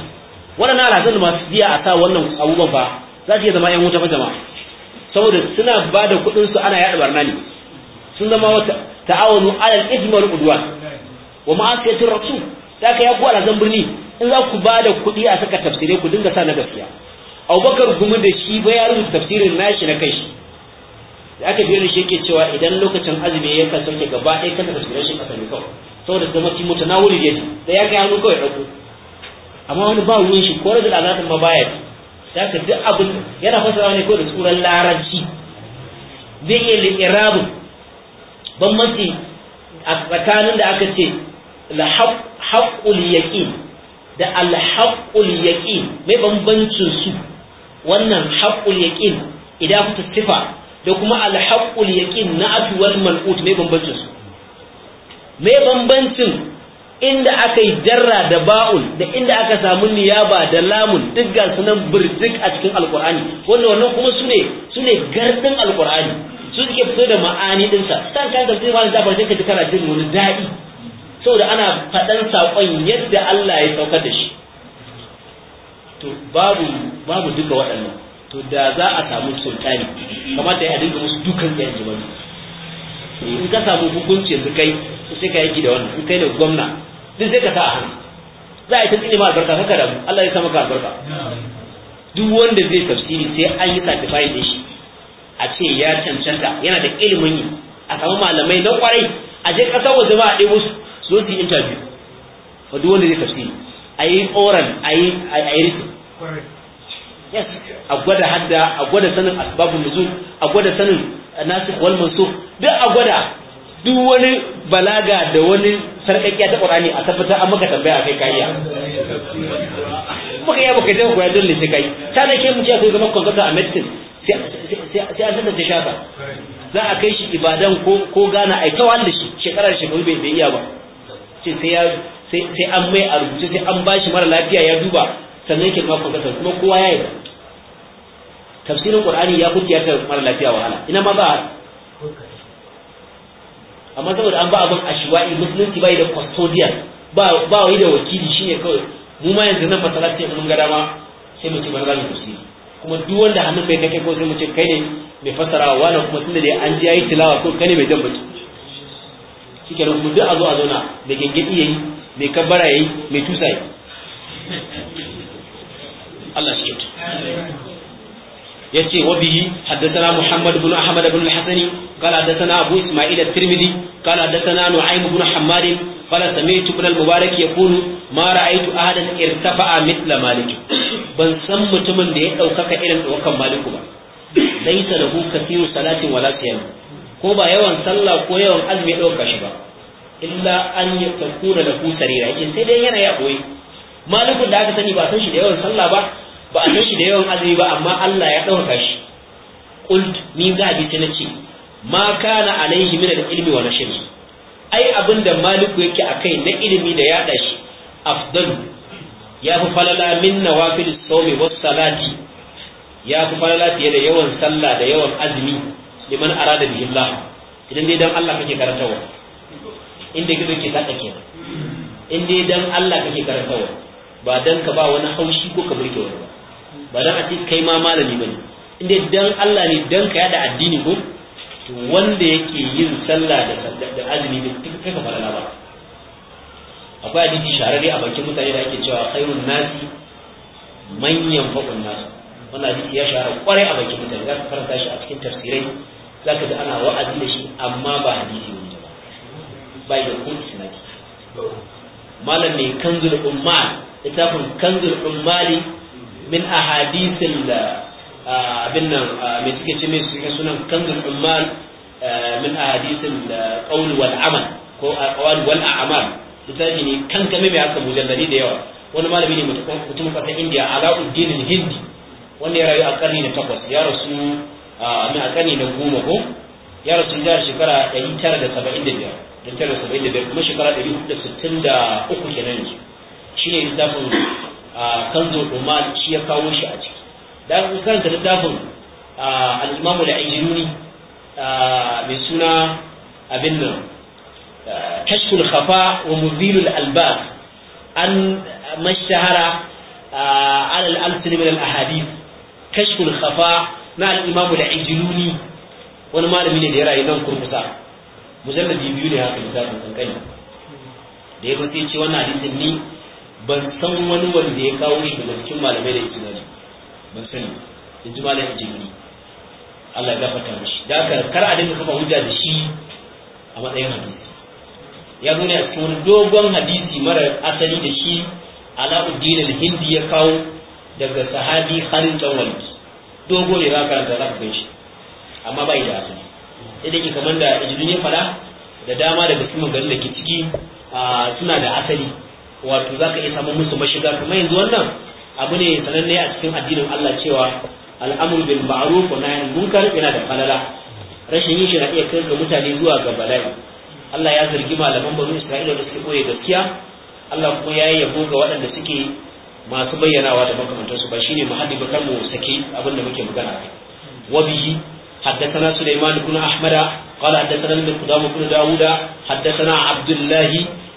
waɗannan alhazan da masu biya a sa wannan abubuwan ba za su iya zama yan wuta fa saboda suna ba da kuɗinsu ana yaɗa barna ne sun zama wata ta'awunu alal ismar udwan wa ma'asiyatir rasul da ka ya ku alazan birni in za ku bada kuɗi a saka tafsirai ku dinga sa na gaskiya Abubakar gumi da shi ba ya rubuta tafsirin nashi na kai shi da aka biyar da shi yake cewa idan lokacin azumi ya kan sauke gaba ɗaya kan tafsirin shi kasani kawai saboda zama ci mutu na wuri da ya kai hannu kawai ɗauko amma wani ba ruwan shi ko rajul azatin ma baya da ka duk abin yana fasa ne kawai da tsuran larabci zai iya li'irabin ban matsi a tsakanin da aka ce haƙƙul yaƙin da alhaƙƙul yaƙin mai bambancin su wannan haƙƙul yaƙin idan ku sifa da kuma alhaƙƙul yaƙin na atuwal mal'ut mai bambancin su mai bambancin inda aka yi jarra da ba'ul da inda aka samu niyaba da lamun duk ga sunan birtik a cikin alkur'ani wanda wannan kuma su ne su ne gardin alkur'ani su suke fito da ma'ani dinsa san kan tafsir malam jafar sai ka ji kana jin wani daɗi saboda ana faɗan saƙon yadda Allah ya saukar da shi to babu babu duka waɗannan to da za a samu sultani kamar da ya dinga musu dukan tsayin jimani in ka samu hukunci yanzu kai sai ka yi da wannan in kai da gwamna duk sai ka sa a hannu za a yi ta ma albarka kaka da Allah ya sa ka albarka duk wanda zai tafsiri sai an yi certified da shi a ce ya cancanta yana da ilimin yi a samu malamai na kwarai a je kasar waje ba a ɗebo su zo su yi interview fa duk wanda zai tafsiri a yi oral a yi written yes a gwada hadda a gwada sanin asbabun nuzul a gwada sanin nasikh wal mansukh duk a gwada duk wani balaga da wani sarkakiya ta qur'ani a tabbata an maka tambaya kai akai kariya baka ya baka tafi koya dole sai kai ta da ke mutum akwai zaman kwankwasa a medicine sai an sanar da shafa za a kai shi ibadan ko gana a yi ta wani da shi shekarar shekaru bai iya ba ce sai ya sai an mai a rubuce sai an bashi mara lafiya ya duba sannan yake kuma kasar kuma kowa ya yi tafsirin qur'ani ya ya ta mara lafiya wahala ina ma ba amma saboda an ba abin ashwa'i musulunci bai da custodian ba ba wai da wakili shine kawai mu ma yanzu nan masalati mun ga dama sai mu ci banza mu ci kuma duk wanda hannun bai kake ko sai mu ce kai ne mai wa wannan kuma tunda dai an ji yayi tilawa ko kai ne mai jan baki shike nan ku da a zo a zauna mai gengedi yi, mai kabbara yi, mai tusa yi, Allah shi Ya ce wa bihi haddathana Muhammad ibn Ahmad ibn al-Hasani qala na Abu Isma'il at-Tirmidhi qala haddathana Nu'aym ibn Hammad qala sami'tu ibn al-Mubarak yaqulu ma ra'aytu ahadan irtafa'a mithla Malik ban san mutumin da ya daukaka irin daukan maliku ba laysa lahu kathiru salatin wala siyam ko ba yawan sallah ko yawan azumi ya ɗauka shi ba illa an yi tankuna da ku sarira yake sai dai yana ya koyi malikun da aka sani ba san shi da yawan sallah ba ba a san shi da yawan azumi ba amma Allah ya ɗauka shi qult ni za bi ta nace ma kana alaihi min al-ilmi wa nashr ai abinda maliku yake akai na ilimi da yada shi afdalu ya fi falala min nawafil sawmi was salati ya fi falala fiye da yawan sallah da yawan azumi liman arada bihi Allah idan dai dan Allah kake karantawa inda kake ke saka ke in dai dan Allah kake karantawa ba dan ka ba wani haushi ko ka burge wani ba dan a ce kai ma malami bane in dai dan Allah ne dan ka yada addini ko to wanda yake yin sallah da da azumi da kai ka fara ba akwai hadisi shahararre a bakin mutane da ake cewa khairun nasi manyan yanfa'un nasi wannan hadisi ya shahara kwarai a bakin mutane za ka karanta shi a cikin tafsirai za ka ga ana wa'azi da shi amma ba hadisi wani ba ba bai da kun isnadi malam mai kanzul ummal littafin kanzul ummali min da ah, abin nan ah, mai suke ce mai suke sunan kanzul ummal eh, min ahadisil eh, qawl wal amal ko aqwal ah, wal a'mal littafi ne kan game mai haka mujalladi da yawa wani malami ne mutum kasar indiya ala'uddin hindi wanda ya rayu a ƙarni na takwas ya rasu Ah, na kani na goma ko ya rasu da shekara da biyar kuma shekara uku kenan ne shi ne littafin ah, kanzo kuma shi ya kawo shi a ciki da aka karanta littafin ah, al'imamu da ajiruni mai suna abin nan kashkul khafa wa muzilul albab an mashahara alal alfin min al ahadith kashful khafa na al-imamu da ijiluni wani malami ne da ya rayu nan kurkusa mujalladi biyu ne haka sun kai da ya sai ce wannan hadisin ni ban san wani wanda ya kawo shi daga cikin malamai da ijiluni ban san in ji malam ijiluni Allah ya gafarta mishi da haka kar a dinga kafa hujja da shi a matsayin hadisi ya zo ne a cikin dogon hadisi mara asali da shi ala'uddin al-hindi ya kawo daga sahabi khalid dan walid dogo ne za ka karanta za ka gan shi amma bai da asali sai dai kamar da ijidun ya fada da dama daga cikin garin da ke ciki suna da asali wato za ka iya samun musu mashiga kuma yanzu wannan abu ne sananne a cikin addinin Allah cewa al'amur bil ma'ruf wa anil munkar yana da falala rashin yin shi na iya kai ga mutane zuwa ga bala'i Allah ya zargi malaman banu Isra'ila da suke koyi gaskiya Allah kuma ya yabo ga waɗanda suke masu bayyanawa da makamantarsu ba shine muhalli ba kan mu sake abinda muke magana kai wa bihi حدثنا سليمان بن أحمد قال حدثنا ابن قدام بن داود حدثنا عبد الله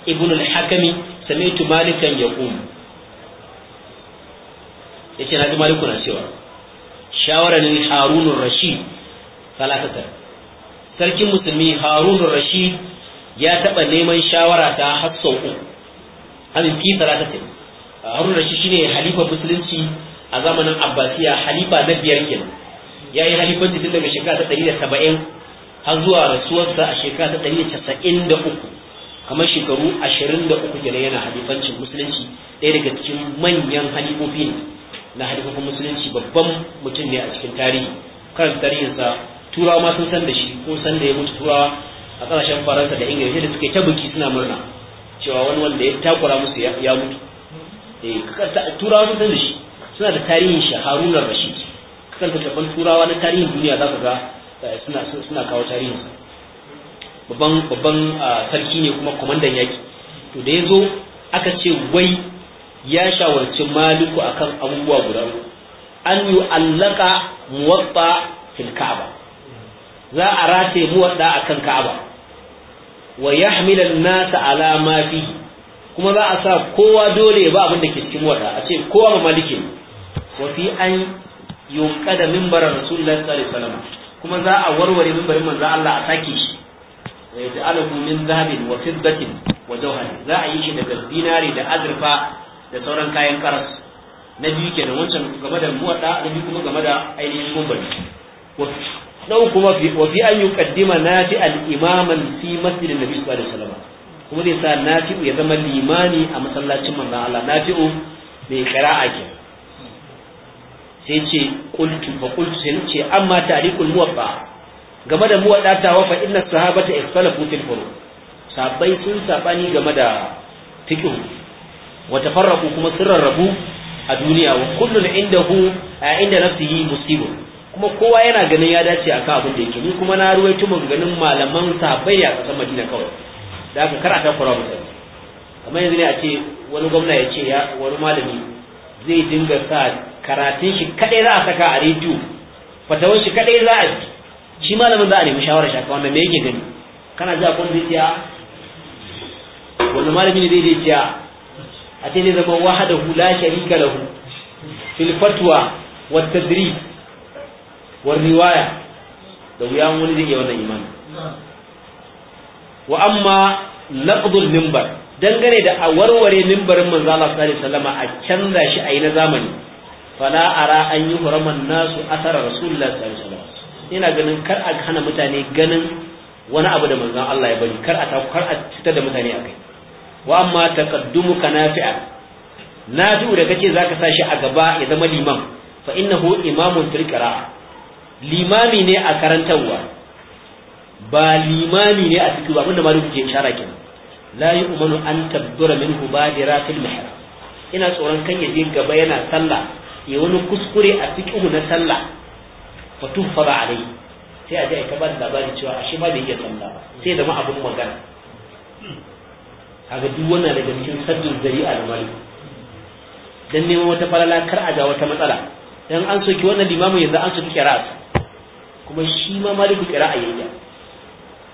ابن الحكم سمعت مالكا يقول yace na ji maliku na cewa harun ar rashid talatatar sarkin musulmi ar rashid ya taɓa neman shawara ta hafsa uku hadin fi talatatar harun rashid shine halifa musulunci a zamanin abbasiya halifa na biyar kenan ya yi halifanci tun daga shekara ta ɗari da saba'in har zuwa rasuwarsa a shekara ta ɗari da casa'in da uku kamar shekaru ashirin da uku kenan yana halifancin musulunci ɗaya daga cikin manyan halifofi ne na halifofin musulunci babban mutum ne a cikin tarihi kan tarihinsa turawa ma sun san da shi ko san da ya mutu turawa a ƙasashen faransa da ingila da suke ta biki suna murna cewa wani wanda ya takura musu ya mutu Eh, turawa sun san da shi suna da tarihin shi Harun al-Rashid kan turawa na tarihin duniya za ka ga eh, suna kawo tarihin babban babban ah, sarki ne kuma komandan yaki to da ya zo aka ce wai ya shawarci maliku akan abubuwa guda an yi allaka muwatta fil ka'aba za a rataye muwatta akan ka'aba wa yahmilan Hamilar nasa ala ma fihi kuma za a sa kowa dole ya ba abin da ke cikin wata a ce kowa ma maliki ne wa fi an yunka da mimbarar rasulullahi sallallahu alaihi wasallam kuma za a warware mimbarin manzo Allah a sake shi wa yaj'aluhu min zahabin, wa fiddatin wa jawharin za a yi shi daga dinari da azurfa da sauran kayan karas na biyu kenan wancan game da muwadda da biyu kuma game da ainihin mimbari na uku kuma wa fi an yuqaddima naji al-imaman fi masjidin nabi sallallahu alaihi wasallam kuma zai sa nafi'u ya zama limani a masallacin manzon Allah nafi'u mai qira'a ke sai ce qultu fa qultu sai ce amma tarikul muwaffa game da muwaddatawa fa inna sahabata ikhtalafu fil furu sabai sun sabani game da tikin wa tafarraqu kuma rarrabu a duniya wa inda indahu a inda nafsihi musibu kuma kowa yana ganin ya dace akan abin da yake ni kuma na ruwaito ganin malaman sabai a kasar Madina kawai da aka kar a takura mutane kamar yanzu ne a ce wani gwamna ya ce ya wani malami zai dinga sa karatun shi kadai za a saka a rediyo fatawar shi kadai za a bi shi malamin za a nemi shawarar shaka wanda me yake gani kana ji akwai zai ciya wani malami ne zai je ciya a ce ne zama wahadahu la sharika lahu fil fatwa wa tadrib wa riwaya da wuya wani zai yi wannan imani wa amma naqdul minbar dangane da a warware mimbarin manzo Allah sallallahu alaihi wasallam a canza shi a yi na zamani fala ara an yi huraman nasu asara rasulullah sallallahu alaihi wasallam ina ganin kar a hana mutane ganin wani abu da manzo Allah ya bari kar a taku kar a cutar da mutane akai wa amma taqaddumu kanafi'a nafi'u da kace zaka sa shi a gaba ya zama liman fa innahu imamun tilqira limami ne a karantarwa ba limami ne a cikin abin da maliku ke shara ke la yu'manu an tabdura minhu badira fil mihrab ina tsoron kan ya je gaba yana sallah ya wani kuskure a cikin na sallah fa tufara alai sai a je a da labarin cewa ashe ba bai iya sallah sai zama abun magana kaga duk wannan daga cikin sabbin zari'a da maliku dan neman wata falala kar a ga wata matsala dan an soki wannan limamin yanzu an soki qira'a kuma shi ma maliku qira'a yayya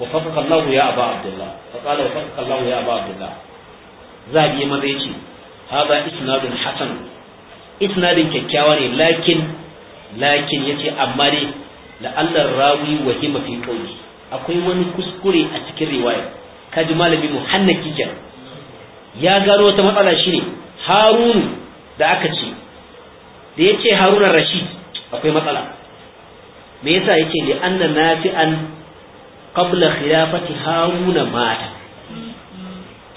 وفقك الله يا أبا عبد الله فقال وفقك الله يا أبا عبد الله ذا دي مزيتي هذا إسناد حسن إسناد ككاواني لكن لكن يتي ce amma الراوي وهم في wa hima fi ƙauyi akwai wani kuskure a cikin riwaya kaji malami muhannan kijan ya gano wata matsala shine harunu da aka ce da ya ce harunan rashid akwai matsala me yasa ya ce li'anna nafi'an qabla khilafati haruna mata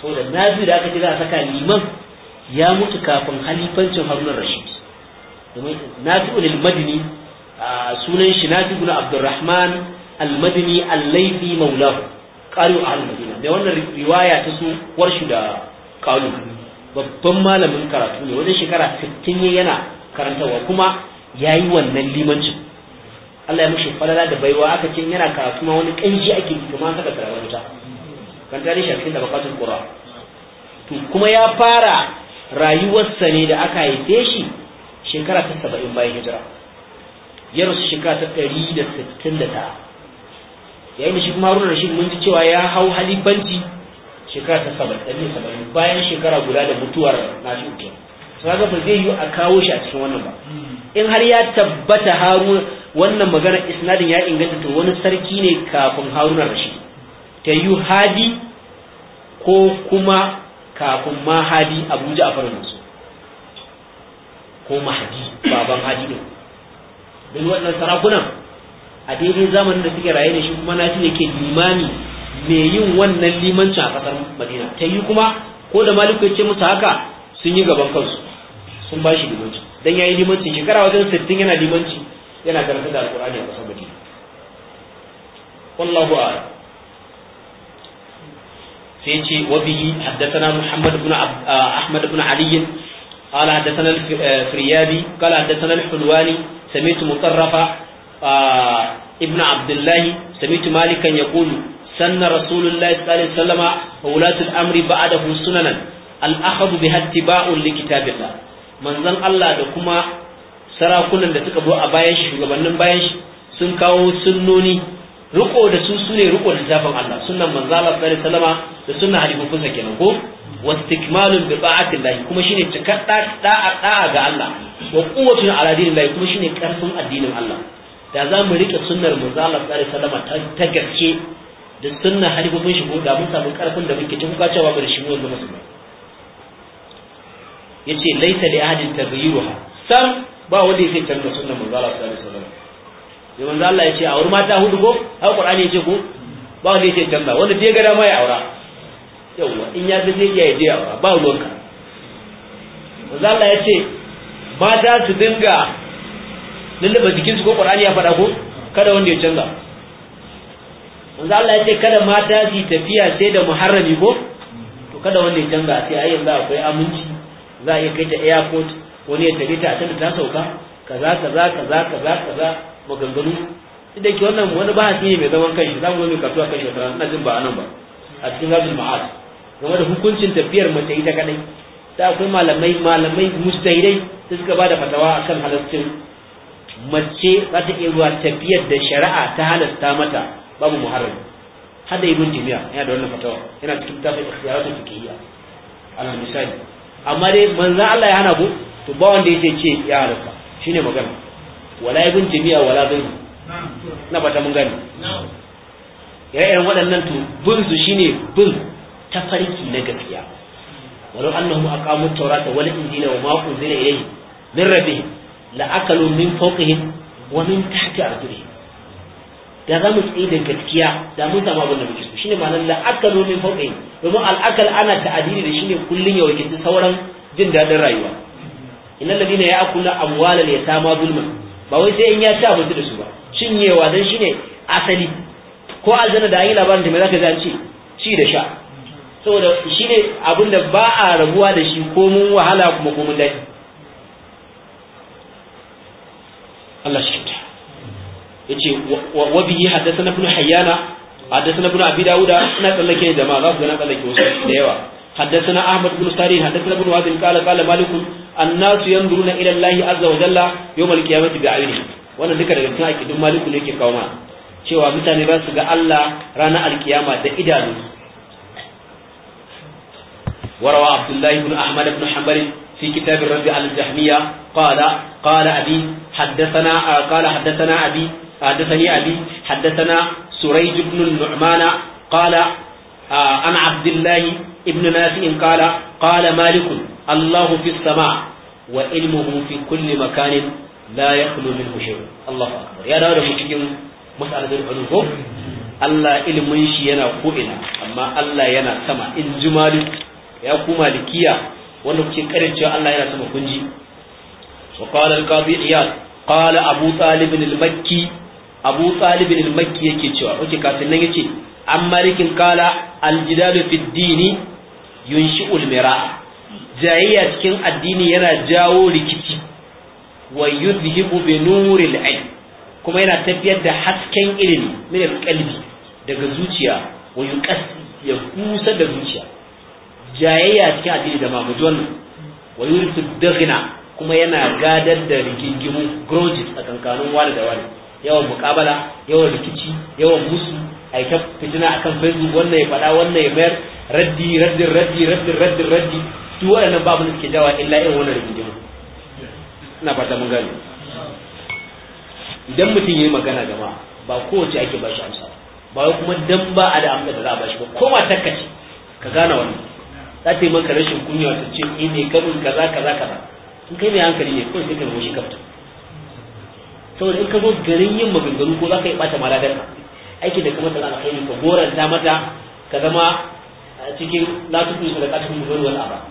to da nabi da aka jira a saka liman ya mutu kafin halifancin haruna rashid domin nafi'ul al-madini sunan shi nafi ibn abdurrahman al-madini al-laythi maulahu qalu al-madina da wannan riwaya ta su warshi da qalu babban malamin karatu ne wajen shekara 60 yana karantawa kuma yayi wannan limancin Allah ya mishi falala da baiwa aka ce yana karatu ma wani kanshi ake kuma an saka tarawa wuta kan tare shi a cikin tabaqatul qura to kuma ya fara rayuwarsa ne da aka haife shi shekara ta 70 bayan hijira ya rasu shekara ta 169 yayin da shi kuma Harun Rashid mun ji cewa ya hau halifanci shekara ta 70 bayan shekara guda da mutuwar Nafi'u kenan kaga ba zai yi a kawo shi a cikin wannan ba hmm. in har ya tabbata harun wannan magana isnadin ya inganta to wani sarki ne kafin haruna rashid ta yi hadi ko kuma kafin ma hadi abuja a farin su, ko Mahdi baban hadi ne don waɗannan sarakunan a daidai zamanin da suke raye da shi kuma na ne ke limami mai yin wannan limancin a ƙasar madina ta yi kuma ko da maliku ya ce musu haka sun yi gaban kansu sun ba shi limanci don ya yi limanci shekara wajen sittin yana limanci yana karanta da alkur'ani a kusa baki wallahu a sai ce wa bihi haddathana muhammad ibn ah, ahmad ibn ali qala haddathana al-firyabi qala haddathana al-hulwani sami'tu mutarrafa ah, ibn abdullah sami'tu malikan yaqulu sanna rasulullahi sallallahu alaihi wasallam da amri ba'dahu sunanan al-akhadhu bihattiba'u likitabillah manzan allah da kuma sarakunan da suka zo a bayan shi shugabannin bayan shi sun kawo sunnoni riko da su sune riko da zafin Allah sunnan manzo Allah sallallahu alaihi wasallam da sunnan hadisin kusa kenan ko wastikmalun bi ba'atillahi kuma shine cikar da'a da'a ga Allah wa quwwatun ala dinillahi kuma shine karfin addinin Allah da za mu rike sunnar manzo Allah sallallahu alaihi wasallam ta gaske da sunnar hadisin shi ko da mun samu karfin da muke tun kwacewa ba da shi mu yanzu musulmi yace laita li ahadin tabyirha sam ba wanda yake canza sunnan manzo Allah sallallahu alaihi wasallam manzo Allah ya ce a wurin mata hudu ko har Qur'ani ya ce ko ba wanda yake canza wanda ya ga dama ya aura yawa in ya ga zai iya ya aura ba wanda manzo Allah ya ce mata su dinga jikin su ko Qur'ani ya faɗa ko kada wanda ya canza manzo Allah ya ce kada mata su tafiya sai da muharrami ko to kada wanda ya canza sai ai yanzu akwai aminci za a iya kai ta airport wani ya tabe ta a ta sauka kaza kaza kaza kaza kaza maganganu idan da ke wannan wani bahasi ne mai zaman kai za mu zo mai kasuwa kai wata na jin ba anan ba a cikin zabul ma'ad game da hukuncin tafiyar mace ita kadai da akwai malamai malamai mustahidai su suka bada fatawa akan halaccin mace za ta iya zuwa tafiyar da shari'a ta halasta mata babu muharram hada ibn jami'a yana da wannan fatawa yana cikin tafsir ikhtiyaratul fiqhiyya ala misali amma dai manzo Allah ya hana ku to ba wanda yake ce ya halatta shine magana wala ibn jami'a wala bin na bata mun gani ya iren waɗannan to bin su shine bin ta farki na gaskiya walau annahum aqamu tawrata wal injila wa ma unzila ilayhi min rabi la akalu min fawqihim wa min tahti arjulihim da za mu tsaye da gaskiya da mun zama abin da muke so shine ma'anar la akalu min fawqihim domin al akal ana ta'adili da shine kullun ya wakilci sauran jin dadin rayuwa inna ladina ya'kuluna amwala al-yatama zulman ba wai sai in ya ci abinci da su ba cinyewa dan shine asali ko aljanna da ayi labarin da me zaka ga ci ci da sha saboda shine abinda ba a rabuwa da shi ko mun wahala kuma ko mun dai Allah shi ta yace wa bihi haddathana ibn hayyana dauda ina tsallake jama'a انا تلكي ga na tsallake wasu da yawa حدثنا ahmad ibn sari حدثنا ibn وهب qala qala malikun annasu yanzuruna ila Allah azza wa jalla yawmal qiyamati wannan duka daga cikin akidun maliku ne ke kawo cewa mutane ba su ga Allah ranar alkiyama da idanu وروى عبد الله بن أحمد بن حنبل في كتاب الرد على الجهمية qala قال أبي حدثنا قال حدثنا أبي حدثني أبي حدثنا سريج ibn nasi'in qala qala malikun allahu fi sama makanin la yakhlu ya dawo da Allah ilmin shi yana ko'ina amma Allah yana sama in malik ya ku malikiya wanda kuke karin cewa Allah yana sama kunji wa qala al-qadi abu talib al-makki abu talib al-makki yake kafin nan yace an kala al-jidal yunshi'ul ulmira jayayya cikin addini yana jawo rikici wa yuzhibu bi nuril ilm kuma yana tafiyar da hasken ilimi min alqalbi daga zuciya wa yuqas ya kusa da zuciya jayayya cikin addini da mamudu wa yurisu dagna kuma yana gadar da rigingimu grudges a kankanin wani da wani yawan muƙabala yawan rikici yawan musu ai ta fitina akan facebook wannan ya faɗa wannan ya mayar raddi raddi raddi raddi raddi raddi duk waɗannan babu da suke jawa illa irin wannan rigingimu ina fata mun gane idan mutum yayi magana jama'a ba kowace ake ba shi amsa ba wai kuma dan ba a da amsa da za a ba shi ba koma ma ka gane wannan za ta yi maka rashin kunya ta ce ni ne kamun kaza kaza kaza in kai mai hankali ne kawai sai ka shi kafta saboda in ka zo garin yin maganganu ko za ka yi ɓata maladarka aikin da kuma kai alkhairi ka goranta mata ka zama cikin latufu da kasu mu wal ba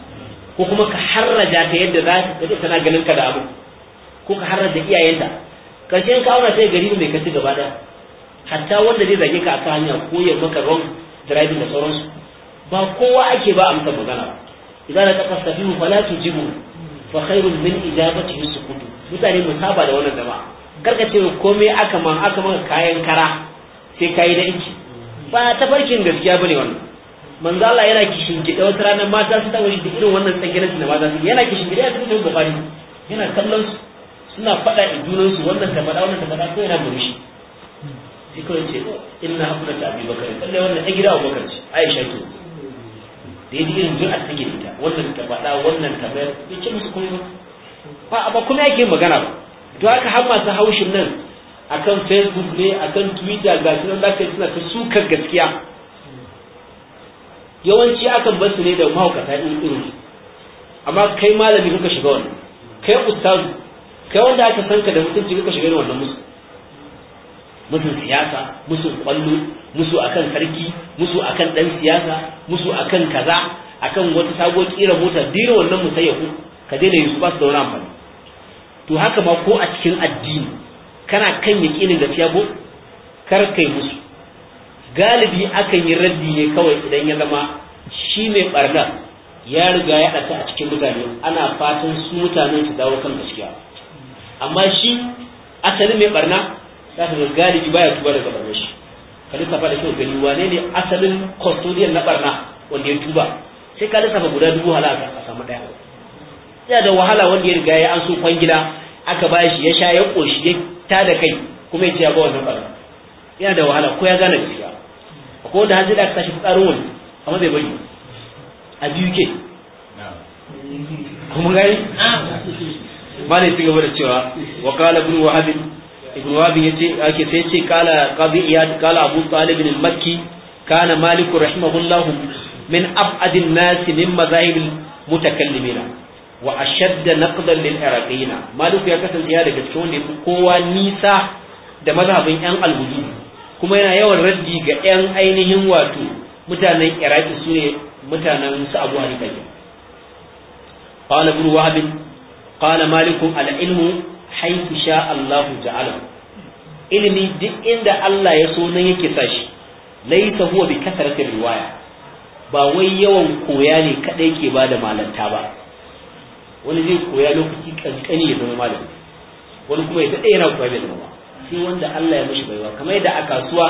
ko kuma ka harraja ta yadda za ta ce tana ganin ka da abu ko ka harraja iyayenta karshen ka aura sai gari mai kaci gaba da hatta wanda zai zage ka kan hanya ko ya maka wrong driving da sauransu ba kowa ake ba amsa magana idan da kafa fa fala tujibu fa khairun min ijabatihi sukutu mutane mu saba da wannan jama'a karka ce komai aka man aka man kayan kara sai kayi na inci ba ta farkin gaskiya bane wannan manzo Allah yana kishin gida wata rana mata su ta wuri irin wannan tsagirin da mata su yana kishin gida su tafi da bukari yana kallon su suna faɗa da junan su wannan ta faɗa wannan ta faɗa ko yana murmushi sai kawai ce oh, inna hakuna ta abi bakari kalle wannan ta gida abubakar ce aisha ke da yadda irin jira take da wannan ta faɗa wannan ta bayar Ya ce musu komai ba ba kuma yake magana ba to haka har masu haushin nan akan facebook ne akan twitter ga shi nan zaka suna ta sukar gaskiya yawanci akan bar su ne da mahaukata in irin amma kai malami kuka shiga wannan kai ustazu kai wanda aka san ka da mutunci kuka shiga wannan musu Musu siyasa musu kwallo musu akan sarki musu akan dan siyasa musu akan kaza akan wata sabuwar kira mota dira wannan musayyaku ka daina yi su ba su da wani amfani to haka ma ko a cikin addini kana kan yaƙinin gaskiya ko kar kai musu galibi akan yi raddi ne kawai idan ya zama shi mai barna ya riga ya ɗata a cikin mutane ana fatan su mutanen su dawo kan gaskiya amma shi asalin mai barna za ga galibi baya tuba daga barna shi ka lissafa da kyau gani wane ne asalin custodian na barna wanda ya tuba sai ka lissafa guda dubu halaka a samu ɗaya ya da wahala wanda ya riga ya an so kwangila aka ba shi ya sha ya ƙoshi ta da kai kuma ya ce ya ba wannan barna yana da wahala ko ya gane shiga A wanda hajji da aka tashi tsarin wani a bai bari a biyu ke kuma gani ba ne su gaba da cewa wa kala bin wahabin ibn wahabin ya ce ake sai ce kala qadi iyad kala abu talib bin makki kana malik rahimahullah min ab'adin nas min mazahib mutakallimina wa ashadda naqdan lil iraqina malik ya kasance ya daga cikin wanda kowa nisa da mazhabin yan albudu kuma yana yawan raddi ga yan ainihin wato mutanen iraki su ne mutanen su abu hanifa qala ibn wahab qala malik al ilmu haythu sha Allah ta'ala ilmi duk inda Allah ya so nan yake sashi laisa huwa bi kasratir riwaya ba wai yawan koya ne kadai ke bada malanta ba wani zai koya lokaci kankani ya zama malami wani kuma ya daɗe yana koya bai zama sai wanda Allah ya mishi baiwa kamar yadda a kasuwa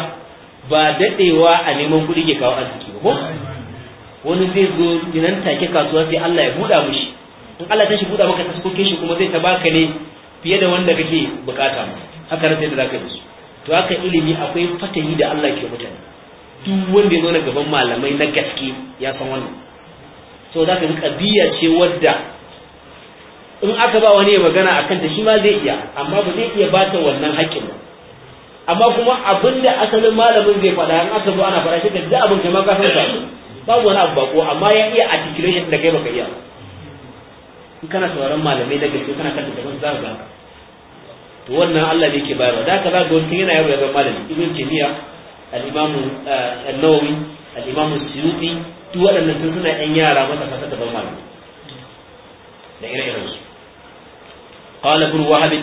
ba daɗewa a neman kuɗi ke kawo arziki ba ko wani zai zo nan take kasuwa sai Allah ya buɗa mishi in Allah ta shi buɗa maka taskokin shi kuma zai ta baka ne fiye da wanda kake bukata haka ne sai da zaka yi su to haka ilimi akwai fatahi da Allah ke mutane duk wanda ya zo na gaban malamai na gaske ya san wannan so zaka ga kabiya ce wadda in aka ba wani ya magana a kanta shi ma zai iya amma ba zai iya ba ta wannan haƙƙin ba amma kuma abin da asalin malamin zai faɗa in aka zo ana faɗa shi da duk abin kai ma ka san sa babu wani abu bako amma ya iya articulation da kai baka iya ba in kana sauraron malamai da gaske kana kanta da za ka ga to wannan Allah ne yake bayarwa da haka za ka wani yana yaro ya zama malami ibn taymiya al imamu eh, an-nawawi al-imam suyuti duk waɗannan sun suna ɗan yara masa ta ban malami da ire-irensu قال ابن وهب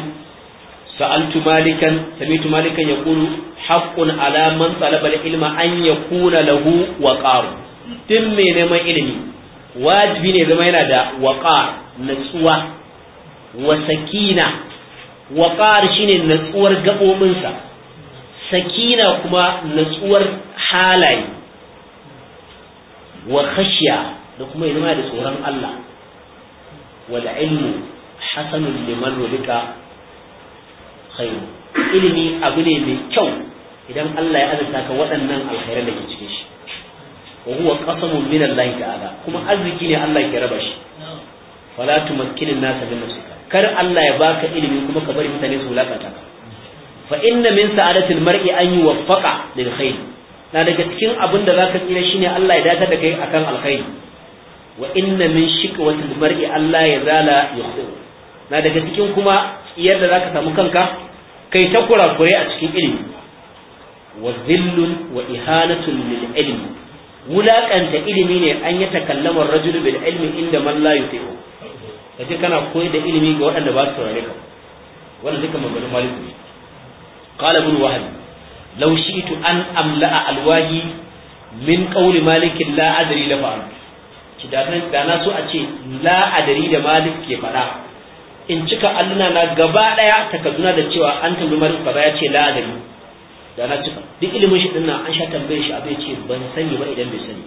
سألت مالكا سمعت مالكا يقول حق على من طلب العلم أن يكون له وقار دم نما علمي wajibi ne zama yana da waƙar natsuwa wa sakina waƙar shine natsuwar gaɓoɓinsa sakina kuma natsuwar halaye wa khashiya da kuma yana da tsoron Allah wal ilmu hasanun liman rubika khairu ilimi abu ne mai kyau idan Allah ya azurta ka waɗannan alkhairar da ke cikin shi wa huwa qasamun min Allah ta'ala kuma arziki ne Allah ke raba shi fala tumakkinin nasa min nafsika kar Allah ya baka ilimi kuma ka bari mutane su wulakata ka fa inna min sa'adatil mar'i an yuwaffaqa lil khair na daga cikin abin da zaka tsira shine Allah ya dace da kai akan alkhairi wa inna min shiqwatil mar'i Allah ya zala yukhtiru na daga cikin kuma yadda za ka samu kanka kai ta kurakure a cikin ilimi wa zillun wa ihanatun lil ilmi wulakanta ilimi ne an yi takallamar rajulu bil ilmi inda man la yuti'u kace kana koyar da ilimi ga waɗanda ba su saurare ka wannan duka maganganun maliku ne qala ibn wahab law shi'tu an amla'a alwahi min qawli malik la adri la fa'al ki da na so a ce la adri da malik ke faɗa in cika alluna na gaba daya takarduna da cewa an tambayi malik kaza ya ce la da na cika duk ilimin shi dinnan an sha tambaye shi bai ce ban sani ba idan bai sani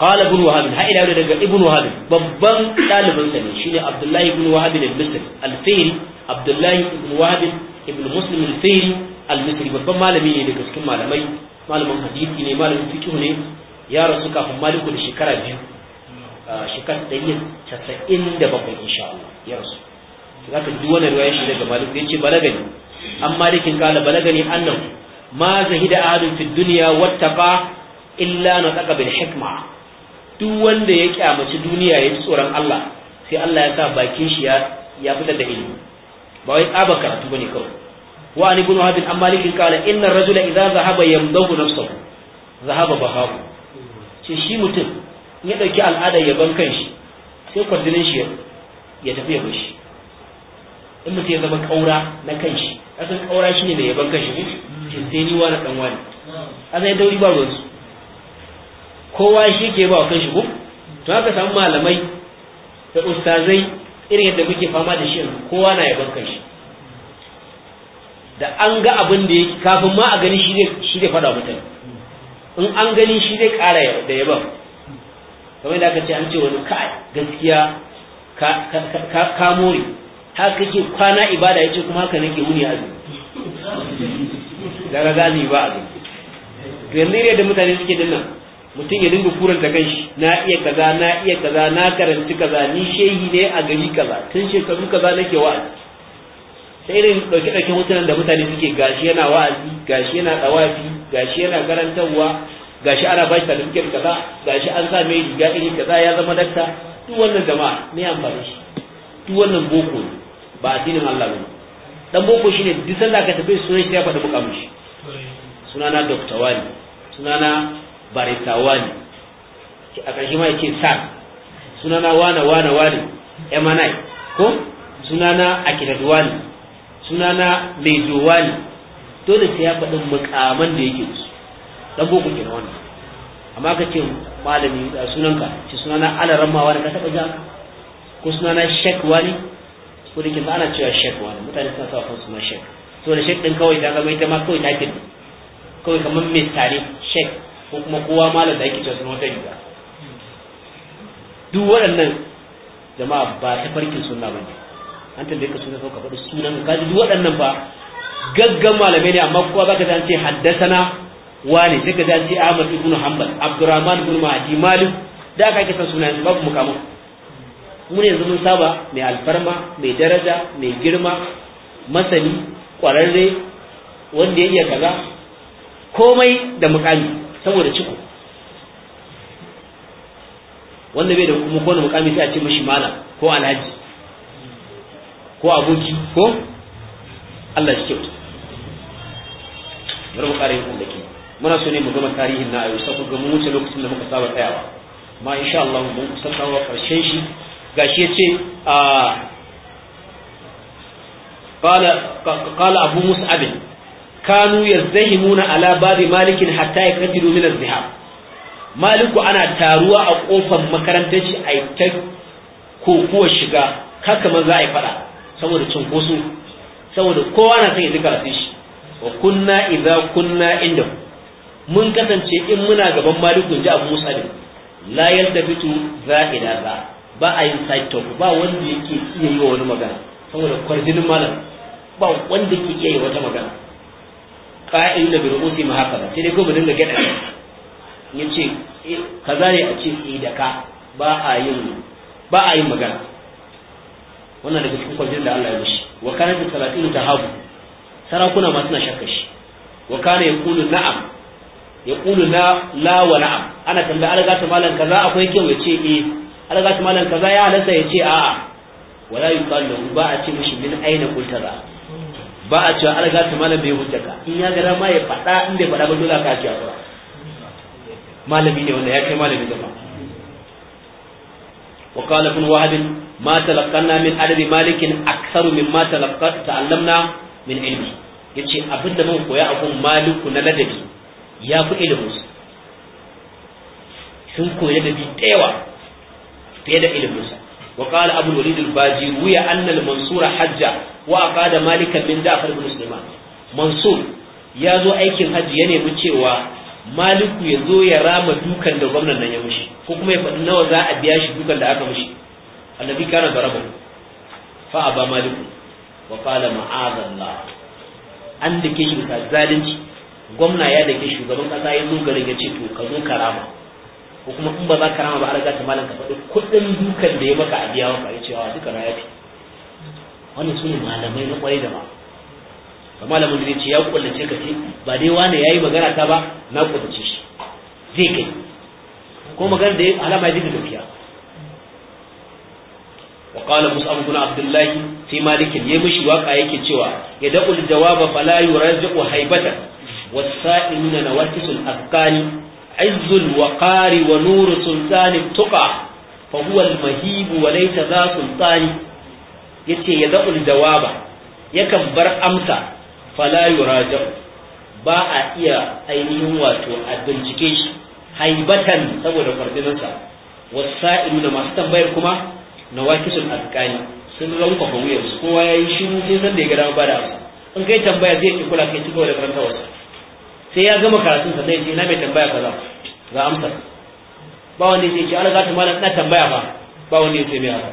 qala ibn wahab ha ila daga ibn wahab babban dalibin sa ne shine abdullahi ibn wahab al-misri al-fil abdullahi ibn wahab ibn muslim al-fil al-misri babban malami ne daga cikin malamai malamin hadisi ne malamin fiqh ne ya rasu kafin maliku da shekara biyu shekar yin casa'in da bakwai insha Allah ya rasu za ka ji wani ruwa ya shi daga malik ya ce balagani an malikin kala balagani annan ma da adun fi duniya ba. illa na tsaka bil hikma duk wanda ya kyamaci duniya ya ji tsoron Allah sai Allah ya sa bakin shi ya ya fitar da ilimi ba wai tsaba karatu bane kawai wa ani ibn habib an malikin kala inna ar-rajula idza zahaba yamdahu nafsahu zahaba bahahu ce shi mutum ya ɗauki al'adar ban kanshi sai kwarjinin shi ya tafi ya bashi in mutum ya zama ƙaura na kanshi asan ƙaura shi ne mai yaban kanshi ne shi sai ni wani ɗan wani asan ya dauri ba ruwansu kowa shi ke ba wa kanshi ko to haka samu malamai da ustazai irin yadda muke fama da shi yanzu kowa na yaban kanshi da an ga abin da yake kafin ma a gani shi zai faɗa mutane in an gani shi zai ƙara da yaban kamar da aka ce an ce wani kai gaskiya ka more haka ke kwana ibada yace kuma haka nake wuni Da daga gani ba azumi to yanzu da mutane suke dinnan mutum ya dinga kan shi na iya kaza na iya kaza na karanci kaza ni shehi ne a gari kaza tun shekaru kaza nake wa'azi sai irin ɗauke-ɗauke hotunan da mutane suke gashi yana wa'azi gashi yana tsawafi gashi yana karantarwa gashi ana bashi shi certificate kaza gashi an sa mai riga iri kaza ya zama dakta duk wannan jama'a ne fara shi duk wannan boko ne ba addinin Allah ba dan boko shine duk sanda ka tafi sunan shi ya fada mukamin shi sunana Dr. Wani sunana barita Wani a shi ma yake sa sunana wana wana wani MNI ko sunana Akidat Wani sunana mai Wani dole sai ya faɗi mukaman da yake su dan boko kenan wannan amma ka ce malami da sunanka ce sunana ala rammawa ne ka taba ja ko sunana shek wani ko dake kinta ana cewa shek wani mutane suna sa kansu ma shek to da shek din kawai ga mai ta ma kawai ta kin kawai kamar mai tare shek ko kuma kowa malam da yake cewa sunan wata riga duk waɗannan jama'a ba ta farkin sunna ba ne an tambaye ka sunan ka faɗi sunan ka duk waɗannan ba gaggan malamai ne amma kowa baka zan ce haddasana wani daga da ce Ahmad ibn Hanbal Abdurrahman ibn Mahdi Malik da aka kisa sunan babu mukamu mun yanzu mun saba mai alfarma mai daraja mai girma masani kwararre wanda ya iya kaza komai da mukami saboda ciko wanda bai da kuma kowane mukami sai a ce mashi malam ko alhaji ko aboki ko Allah shi kyauta bari mu kare yin kullaki muna so ne mu gama tarihin na ayu sai ku ga mun wuce lokacin da muka saba tsayawa amma insha Allah mun kusan kawo karshen shi gashi yace a ah, qala qala abu mus'ab kanu yazdahimuna ala babi malikin hatta yakadiru min az-zihab maliku ana taruwa a kofar makarantar shi a ta kokuwa shiga kaka man za a yi fada saboda kosu saboda kowa na son ya zika shi wa kunna idza kunna indahu mun kasance in muna gaban maliku ji abu musalim la yaltafitu za ila za ba a yin side talk ba wanda yake iya yi wa wani magana saboda kwarjinin malam ba wanda ke iya yi wata magana ƙa'in da bi ru'usi ma haka sai dai ko dinga gada yace eh, kaza ne a ce eh da ka ba a yin ba a yin magana wannan daga cikin kwarjinin da Allah ya mishi wa kana da salatin tahabu sarakuna ma suna shakka shi wa kana yaqulu na'am ya kulu la la wa na'am ana tambaya an ta malan kaza akwai kyau ya ce eh an ta malan kaza ya halatta ya ce a'a wala yuqalu ba a ce mishi min aina kultara ba a ce an ta malan bai ka in ya ga ma ya fada in bai fada ba dole ka ce ba malami ne wanda ya kai malami da ba wa qala ibn wahab ma talaqqana min adabi malik akthar ma talaqqat ta'allamna min ilmi yace abinda mun koya a gun maliku na ladabi ya fi ilimin su sun koyi da bi tsewa fiye da ilimin wa qala abul walid al bajiri ya anna al mansura hajja wa aqada malikan min ja'far bin mansur ya zo aikin hajji ya nemi cewa maliku ya zo ya rama dukan da gwamnan nan ya mushi ko kuma ya faɗi nawa za a biya shi dukan da aka mushi annabi kana baraba fa ba maliku wa qala ma'azallah an ke shi da zalunci gwamna ya dake shugaban kasa ya dogara ya ce to ka zo karama ko kuma in ba za ka rama ba a ta malam ka faɗi kuɗin dukan da ya maka a biya maka ya ce wa duka na yafi wannan su ne malamai na kwarai da ba ba malamin da ce ya kullace ka ce ba dai wani ya yi magana ta ba na kullace shi zai kai ko magana da ya alama ya tafiya wa qala musa بن abdullahi fi malikin yayi يمشي waka yake cewa ya da'ul jawaba fala yurajju haibatan والسائلون نواكس الأذكار عز الوقار ونور سلطان التقى فهو المهيب وليس ذا سلطان يتي يدع الجواب يكبر بر أمسى فلا يراجع باء إيا أينه واتو أبنجكيش هيبة سوى لفردنسا والسائلون ما استنبيركما نواكس الأذكار sun rauka ba wuyar su kowa ya yi shiru sai san da ya gara ba da in kai tambaya zai ki kula kai ci kawai da karanta wasu sai ya gama karatun sa zai ce na mai tambaya kaza ga amsa ba wanda ya ce Allah zata malam na tambaya ba ba wanda ya ce mai haka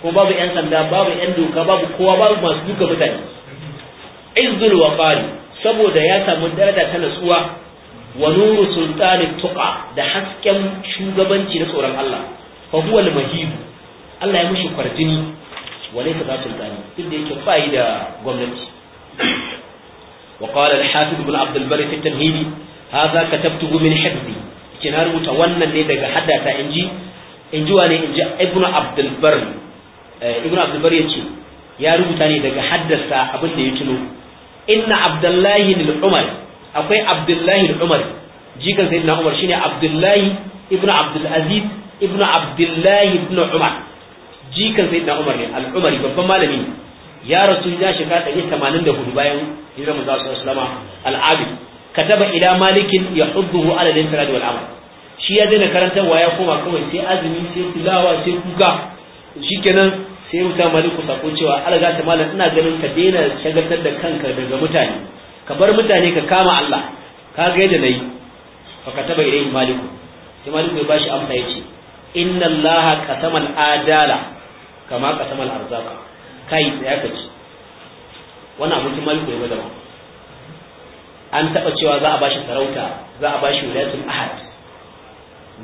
ko babu yan sanda babu yan doka babu kowa babu masu duka mutane izzul waqari saboda ya samu daraja ta nutsuwa wa nuru sultani tuqa da hasken shugabanci na tsoron Allah fa huwa al-mahib Allah ya mushi kwarjini wa laysa da sultani duk da yake bai da gwamnati وقال الحافظ بن عبد البر في التمهيد هذا كتبته من حفظي wannan ne daga haddata inji inji wane inji ibnu abdul bar ibnu abdul bar ya rubuta ne daga haddasa abin da ya tuno inna abdullahi lil umar akwai abdullahi lil umar jikan sayyidina umar shine abdullahi ibnu abdul aziz abdullahi ibnu umar jikan sayyidina umar al babban malami ya rasu ya shiga hudu bayan hijirar manzo sallallahu alaihi wasallam al-abid kataba ila malikin yahudduhu ala al-infirad wal amal shi ya daina karantarwa ya koma kawai sai azumi sai kulawa sai kuka shikenan sai wuta maliku sako cewa alaga ta malam ina ganin ka daina shagaltar da kanka daga mutane ka bar mutane ka kama Allah ka ga yadda nayi fa kataba ilayhi maliku sai maliku ya bashi amsa yace inna allaha qasama al-adala kama qasama al-arzaqa kai tsaya ka ci wannan abokin maliku ya ba an taɓa cewa za a bashi sarauta za a bashi wulatul ahad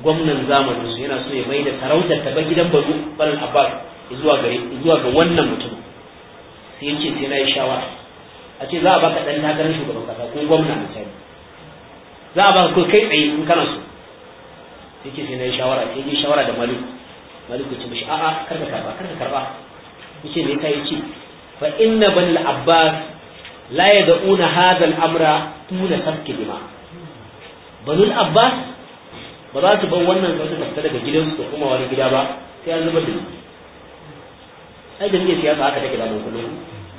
gwamnan zamanin su yana so ya mai da sarautar ta ba gidan bazu barin abbas zuwa gare zuwa ga wannan mutum sai yace sai na yi shawara a ce za a baka dan takarar shugaban kasa ko gwamna misali za a baka kai tsaye in kana so sai yace sai na yi shawara sai yi shawara da maliku maliku ce mishi a'a karka karba karka karba ne ta kai ce fa inna banil abbas la yad'una hadha al-amra tuna sabki dima banul abbas ba za su bar wannan sautin ta daga gidansu da kuma wani gida ba sai an zubar da su da muke siyasa haka take da mu kullum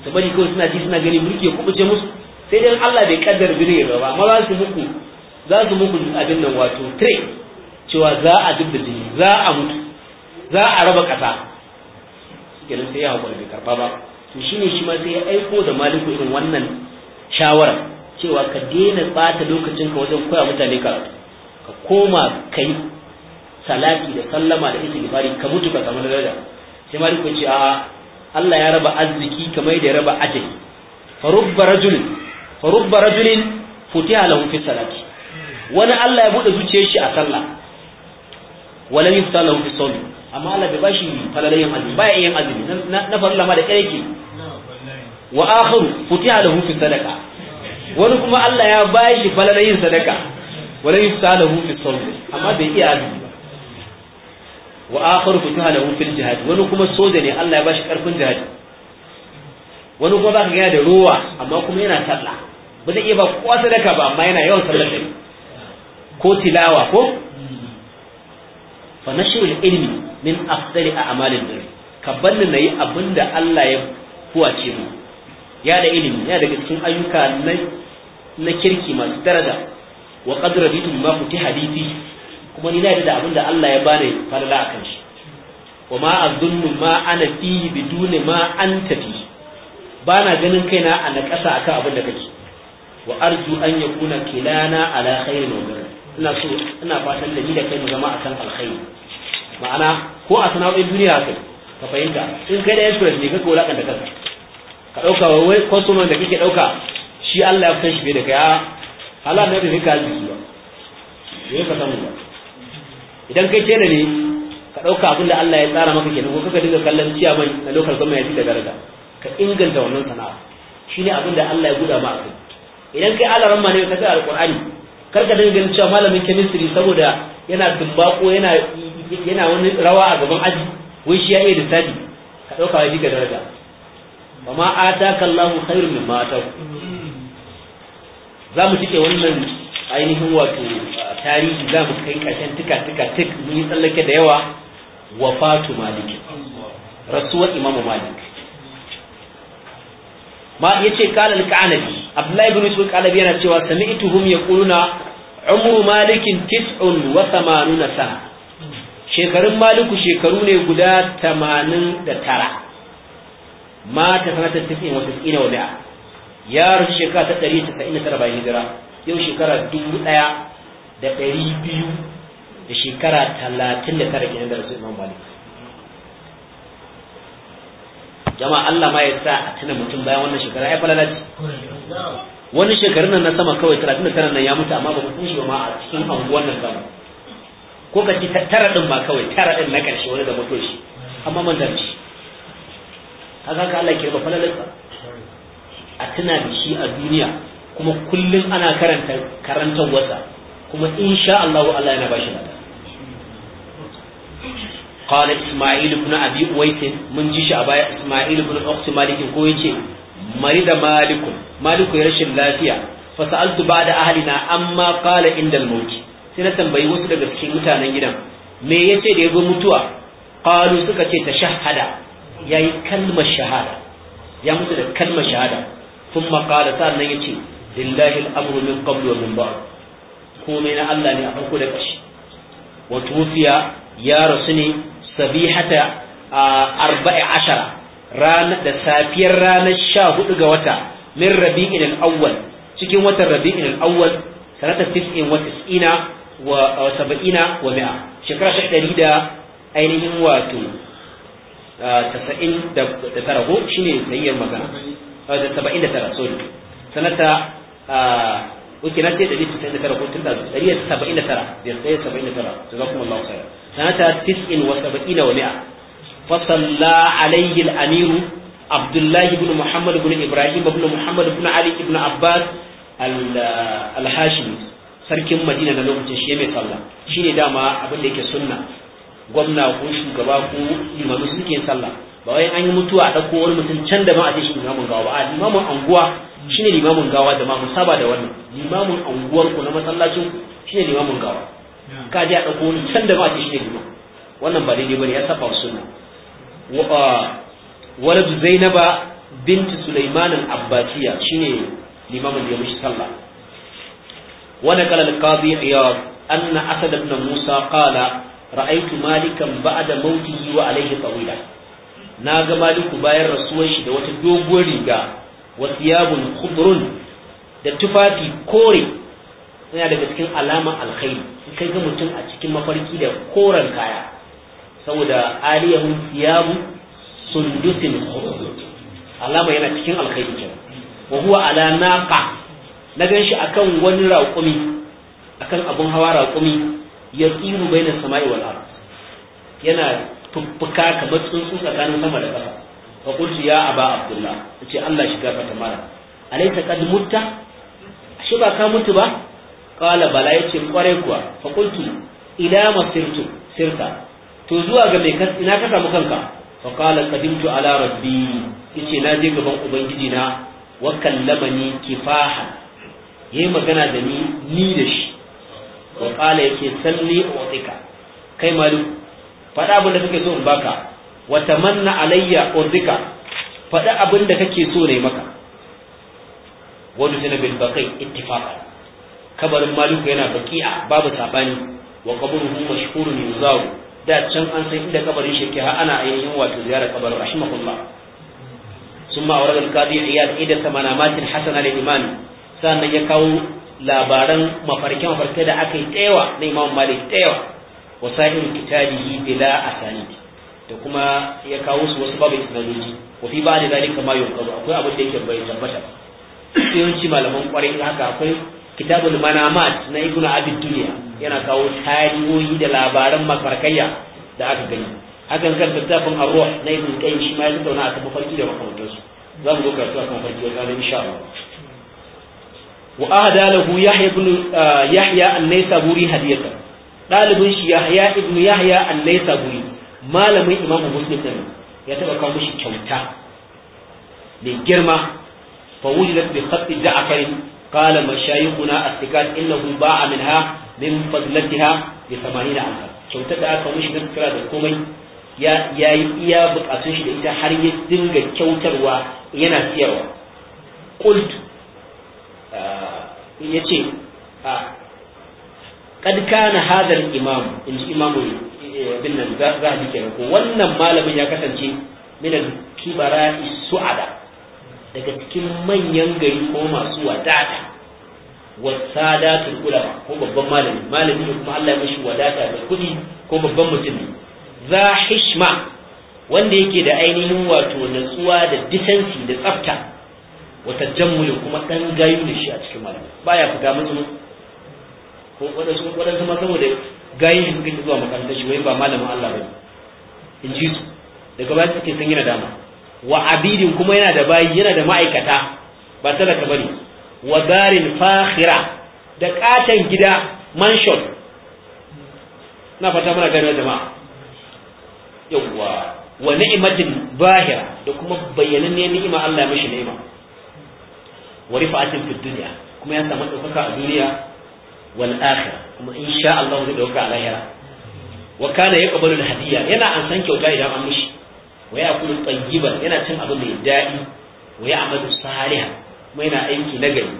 su bari kawai suna ji suna gani mulki ya kubuce musu sai dai Allah bai kaddar bire ba amma za su muku za su muku abin nan wato tre cewa za a dubda jini za a mutu za a raba kasa kenan sai ya hakuri bai karba ba to shine shi ma sai ya aiko da maliku irin wannan shawara cewa ka daina bata lokacin ka wajen koya mutane karatu ka koma kai salati da sallama da istighfari ka mutu ka samu daraja sai maliku ya ce a'a Allah ya raba arziki kamar da ya raba ajali farubba rajulin farubba rajulin futiha lahu fi salati wani Allah ya bude zuciyar shi a sallah wala yufta fi salati amma Allah bai bashi yin azumi baya yin azumi na farilla ma da kare ke wa akhiru futiha lahu fi sadaqa wani kuma Allah ya bashi yin sadaka wala yufta lahu fi sawm amma bai iya azumi wa akhiru futiha lahu fi jihad wani kuma soja ne Allah ya bashi karfin jihad wani kuma ka ga da ruwa amma kuma yana sallah ba zai iya ba kowa sadaka ba amma yana yawan sallar ko tilawa ko fa nashru ilmi min afdali a amalin birri ka banni na yi abinda Allah ya huwace mu ya da ilimi ya daga cikin ayyuka na kirki masu daraja wa qad raditu ma kuti hadithi kuma ni na da abinda Allah ya bani farla akan shi wa ma azunnu ma ana fi bidune ma an tafi ba ganin kaina a naƙasa akan abin da kake wa arju an yakuna kilana ala khairin wa ina so ina fatan da ni da kai mu zama akan alkhairi ma'ana ko a sana'o'in duniya kai ka fahimta in kai da express ne kake da kanka ka dauka wai customer da kake dauka shi Allah ya fitar shi bai da kai a Allah ne bai ka shi ba bai ka samu ba idan kai da ne ka dauka abin da Allah ya tsara maka kenan ko kaka dinga kallon ciya mai na local gwamnati da daraja ka inganta wannan sana'a shine abin da Allah ya guda ma akai idan kai Allah ramma ne ka tsaya alqur'ani kar ka dinga ganin cewa malamin chemistry saboda yana dubbako yana yana wani rawa a gaban aji wai shi ya iya lissafi ka ɗauka wa ga daraja ba ma ataka Allahu khairu mimma ataku za mu cike wannan ainihin wato tarihi za mu kai ƙarshen tuka tuka tuk mun yi tsallake da yawa wa fatu malik rasuwar imam malik ma yace kala al-qanabi abdullahi ibn sa'id qalabi yana cewa sami'tuhum yaquluna umru malikin 89 sana shekarun maliku shekaru ne guda tamanin da tara mata sanata tafiya wata tsina wa da'a ya rasu shekara ta ɗari tasa'in da tara bayan hijira yau shekara dubu ɗaya da ɗari biyu da shekara talatin da tara kenan da rasu imam malik jama'a Allah ma ya sa a tuna mutum bayan wannan shekara ya falala ce wani shekarun nan na sama kawai talatin da tara nan ya mutu amma ba ku shi ba ma a cikin hangu wannan zama ko ka ci tara din ba kawai tara din na karshe wani da mutuwa shi amma man zarci haka ka Allah ba falalarsa a da shi a duniya kuma kullum ana karanta karantar wasa kuma insha Allah wa Allah yana bashi da ta ismail ibn abi uwaitin mun ji shi a baya ismail ibn oksu malikin ko ya ce mari da malikun ya rashin lafiya fasa'altu bada da ahalina amma kala inda al sai na tambayi wasu daga cikin mutanen gidan me ce da zo mutuwa ƙalu suka ce ta shahada. Ya yi kalmar shahada ya mutu da kalmar shahada thumma qala sannan yace lillahi al-amru min qabl wa min ba'd mai na Allah ne a farko da kashi wa tufiya ya rasu ne sabihata arba'i ashara ranar da safiyar ranar sha hudu ga wata min rabi'in al'awwal cikin watan rabi'in al'awwal awwal sanata tis'in wa tis'ina wa saba'ina wa mi'a shekara ta ɗari da ainihin wato tasa'in da tara ko shi ne sayyar magana da saba'in da tara sorry sanata wuke na sai ɗari tasa'in da tara ko tun da ɗari da saba'in da tara da tsaye saba'in da tara su za kuma Allah kusa sanata tis'in wa saba'ina wa mi'a fasalla alayhi al Abdullahi ibn Muhammad ibn Ibrahim ibn Muhammad ibn Ali ibn Abbas al-Hashimi sarkin madina na lokacin shi mai sallah shi ne dama abin da yake sunna gwamna ko shugaba ko limamu su suke sallah ba wai an yi mutuwa a ɗauko wani mutum can da ma a shi limamin gawa ba a limamin anguwa shine limamin gawa da ma mu saba da wannan limamin anguwar ku na masallacin shine limamin gawa ka je a ɗauko wani can da ma a shi ne limam wannan ba daidai bane ya saba wa sunna Wani zainaba binti sulaiman al-abbasiya shine limamin da ya mushi sallah ونقل القاضي عياض أن أسد بن موسى قال رأيت مالكا بعد موته وعليه طويلة ناغ مالك باير الرسول شد وتدوب ريغا وثياب خضر دا كوري yana daga cikin alama alkhairi in kai ga mutum a cikin mafarki da koren kaya saboda aliyahun siyabu sundusin khudud alama yana cikin alkhairi kenan wa huwa ala naqa na gan shi akan wani raƙumi akan abun hawa raƙumi ya tsiru bai na sama'i wal ard yana tuffuka kamar tsuntsu tsakanin sama da ƙasa fa qultu ya aba abdullah ce Allah shi ta mara alaita qad mutta shi ba ka mutu ba qala bala yace kware kuwa fa qultu ila masirtu sirta to zuwa ga mai ina ka samu kanka fa qala qadimtu ala rabbi yace na je gaban ubangiji na wa kallamani kifahan yayi magana da ni ni da shi wa kala yake salli utika kai malu faɗa abin da kake so in baka wa tamanna alayya utika faɗa abin da kake so ne maka wadu sana bil baqi ittifaqan kabarin maluku yana baqi'a babu sabani wa qabruhu mashhurun yuzawu da can an san inda kabarin shi ke ana ainihin wato ziyarar kabarin rahimahullah ثم أورد القاضي عياد tamanamatin hasana da imani sannan ya kawo labaran mafarke mafarke da aka yi tsayawa na imam malik tsayawa wa sa'in kitabihi bila asanid da kuma ya kawo su wasu babu isnadiji ko fi ba'da zalika ma yunqalu akwai abin da yake bai tabbata yawanci malaman in haka akwai kitabul manamat na ibnu abi dunya yana kawo tarihohi da labaran mafarkayya da aka gani hakan kan littafin arwa na ibnu kayyim shi ma ya tattauna akan mafarki da makamantansu za mu zo kasuwa kan mafarki wata insha Allah wa ahda lahu yahya ibn uh, yahya an-naisaburi hadiyata dalibin shi yahya ibn yahya an-naisaburi malamin imamu muslim ya taba kawo mishi kyauta mai girma fa wujidat bi khat ja'far qala mashayikhuna as-sikat innahu ba'a minha min fadlatiha bi 80 alf kyauta da aka mushi gaskiya da komai ya yayi iya bukatun shi da ita har ya dinga kyautarwa yana siyarwa qultu ya ce kad kana hadal imam in ji imamu eh, bin nan za a kenan ko wannan malamin ya kasance min kibara su'ada daga cikin manyan gari ko masu wadata wasadatul ulama ko babban malami malami ne kuma Allah ya shi wadata da kudi ko babban mutum ne za hishma wanda yake da ainihin wato natsuwa da disansi da tsafta wata ya kuma ɗan gayu da shi a cikin ba ya fita mutum waɗansu waɗansu ma saboda gayu ne suka zuwa makarantar shi wai ba malamin Allah bane in ji su daga baya suke sun yana dama wa abidin kuma yana da bayi yana da ma'aikata ba talaka bane wa darin fakhira da katon gida mansion na fata mana gane jama'a yawwa wa ni'matin bahira da kuma bayyananniyar ni'ima Allah ya mishi ni'ima wa rifa'atin fid kuma ya samu ɗaukaka a duniya wal akhirah kuma insha Allah zai ɗauka a lahira wa kana yaqbalu al yana an san kyauta idan an mishi wa ya'kulu tayyiban yana cin abu mai daɗi wa ya'malu salihan kuma yana aiki nagari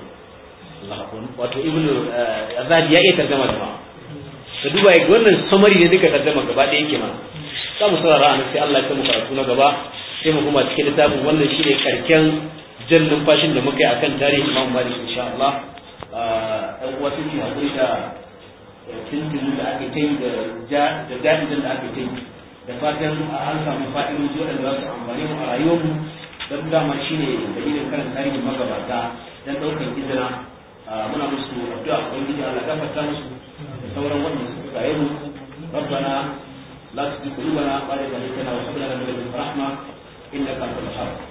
wato ibnu eh, azadi ya iya tarjama jama'a ka duba wannan samari ne duka tarjama gaba ɗaya yake mana za mu saurara a sai Allah ya karatu na gaba sai mu kuma cikin littafin wannan shi ne jan numfashin da muka yi akan tarihi Imam Malik insha Allah ah, ɗan uwa sun yi da tuntun da ake tayi da jadidin da ake tayi da fatan a an samu fa'idoji da za su amfani mu a rayuwarmu don dama shi ne dalilin karin tarihi magabata don ɗaukar izina ah, muna musu addu'a a ubangiji Allah gafarta musu da sauran wanda suka gaye mu rabbana la tuzigh qulubana ba'da idh hadaytana wa hab lana min ladunka rahma innaka antal wahhab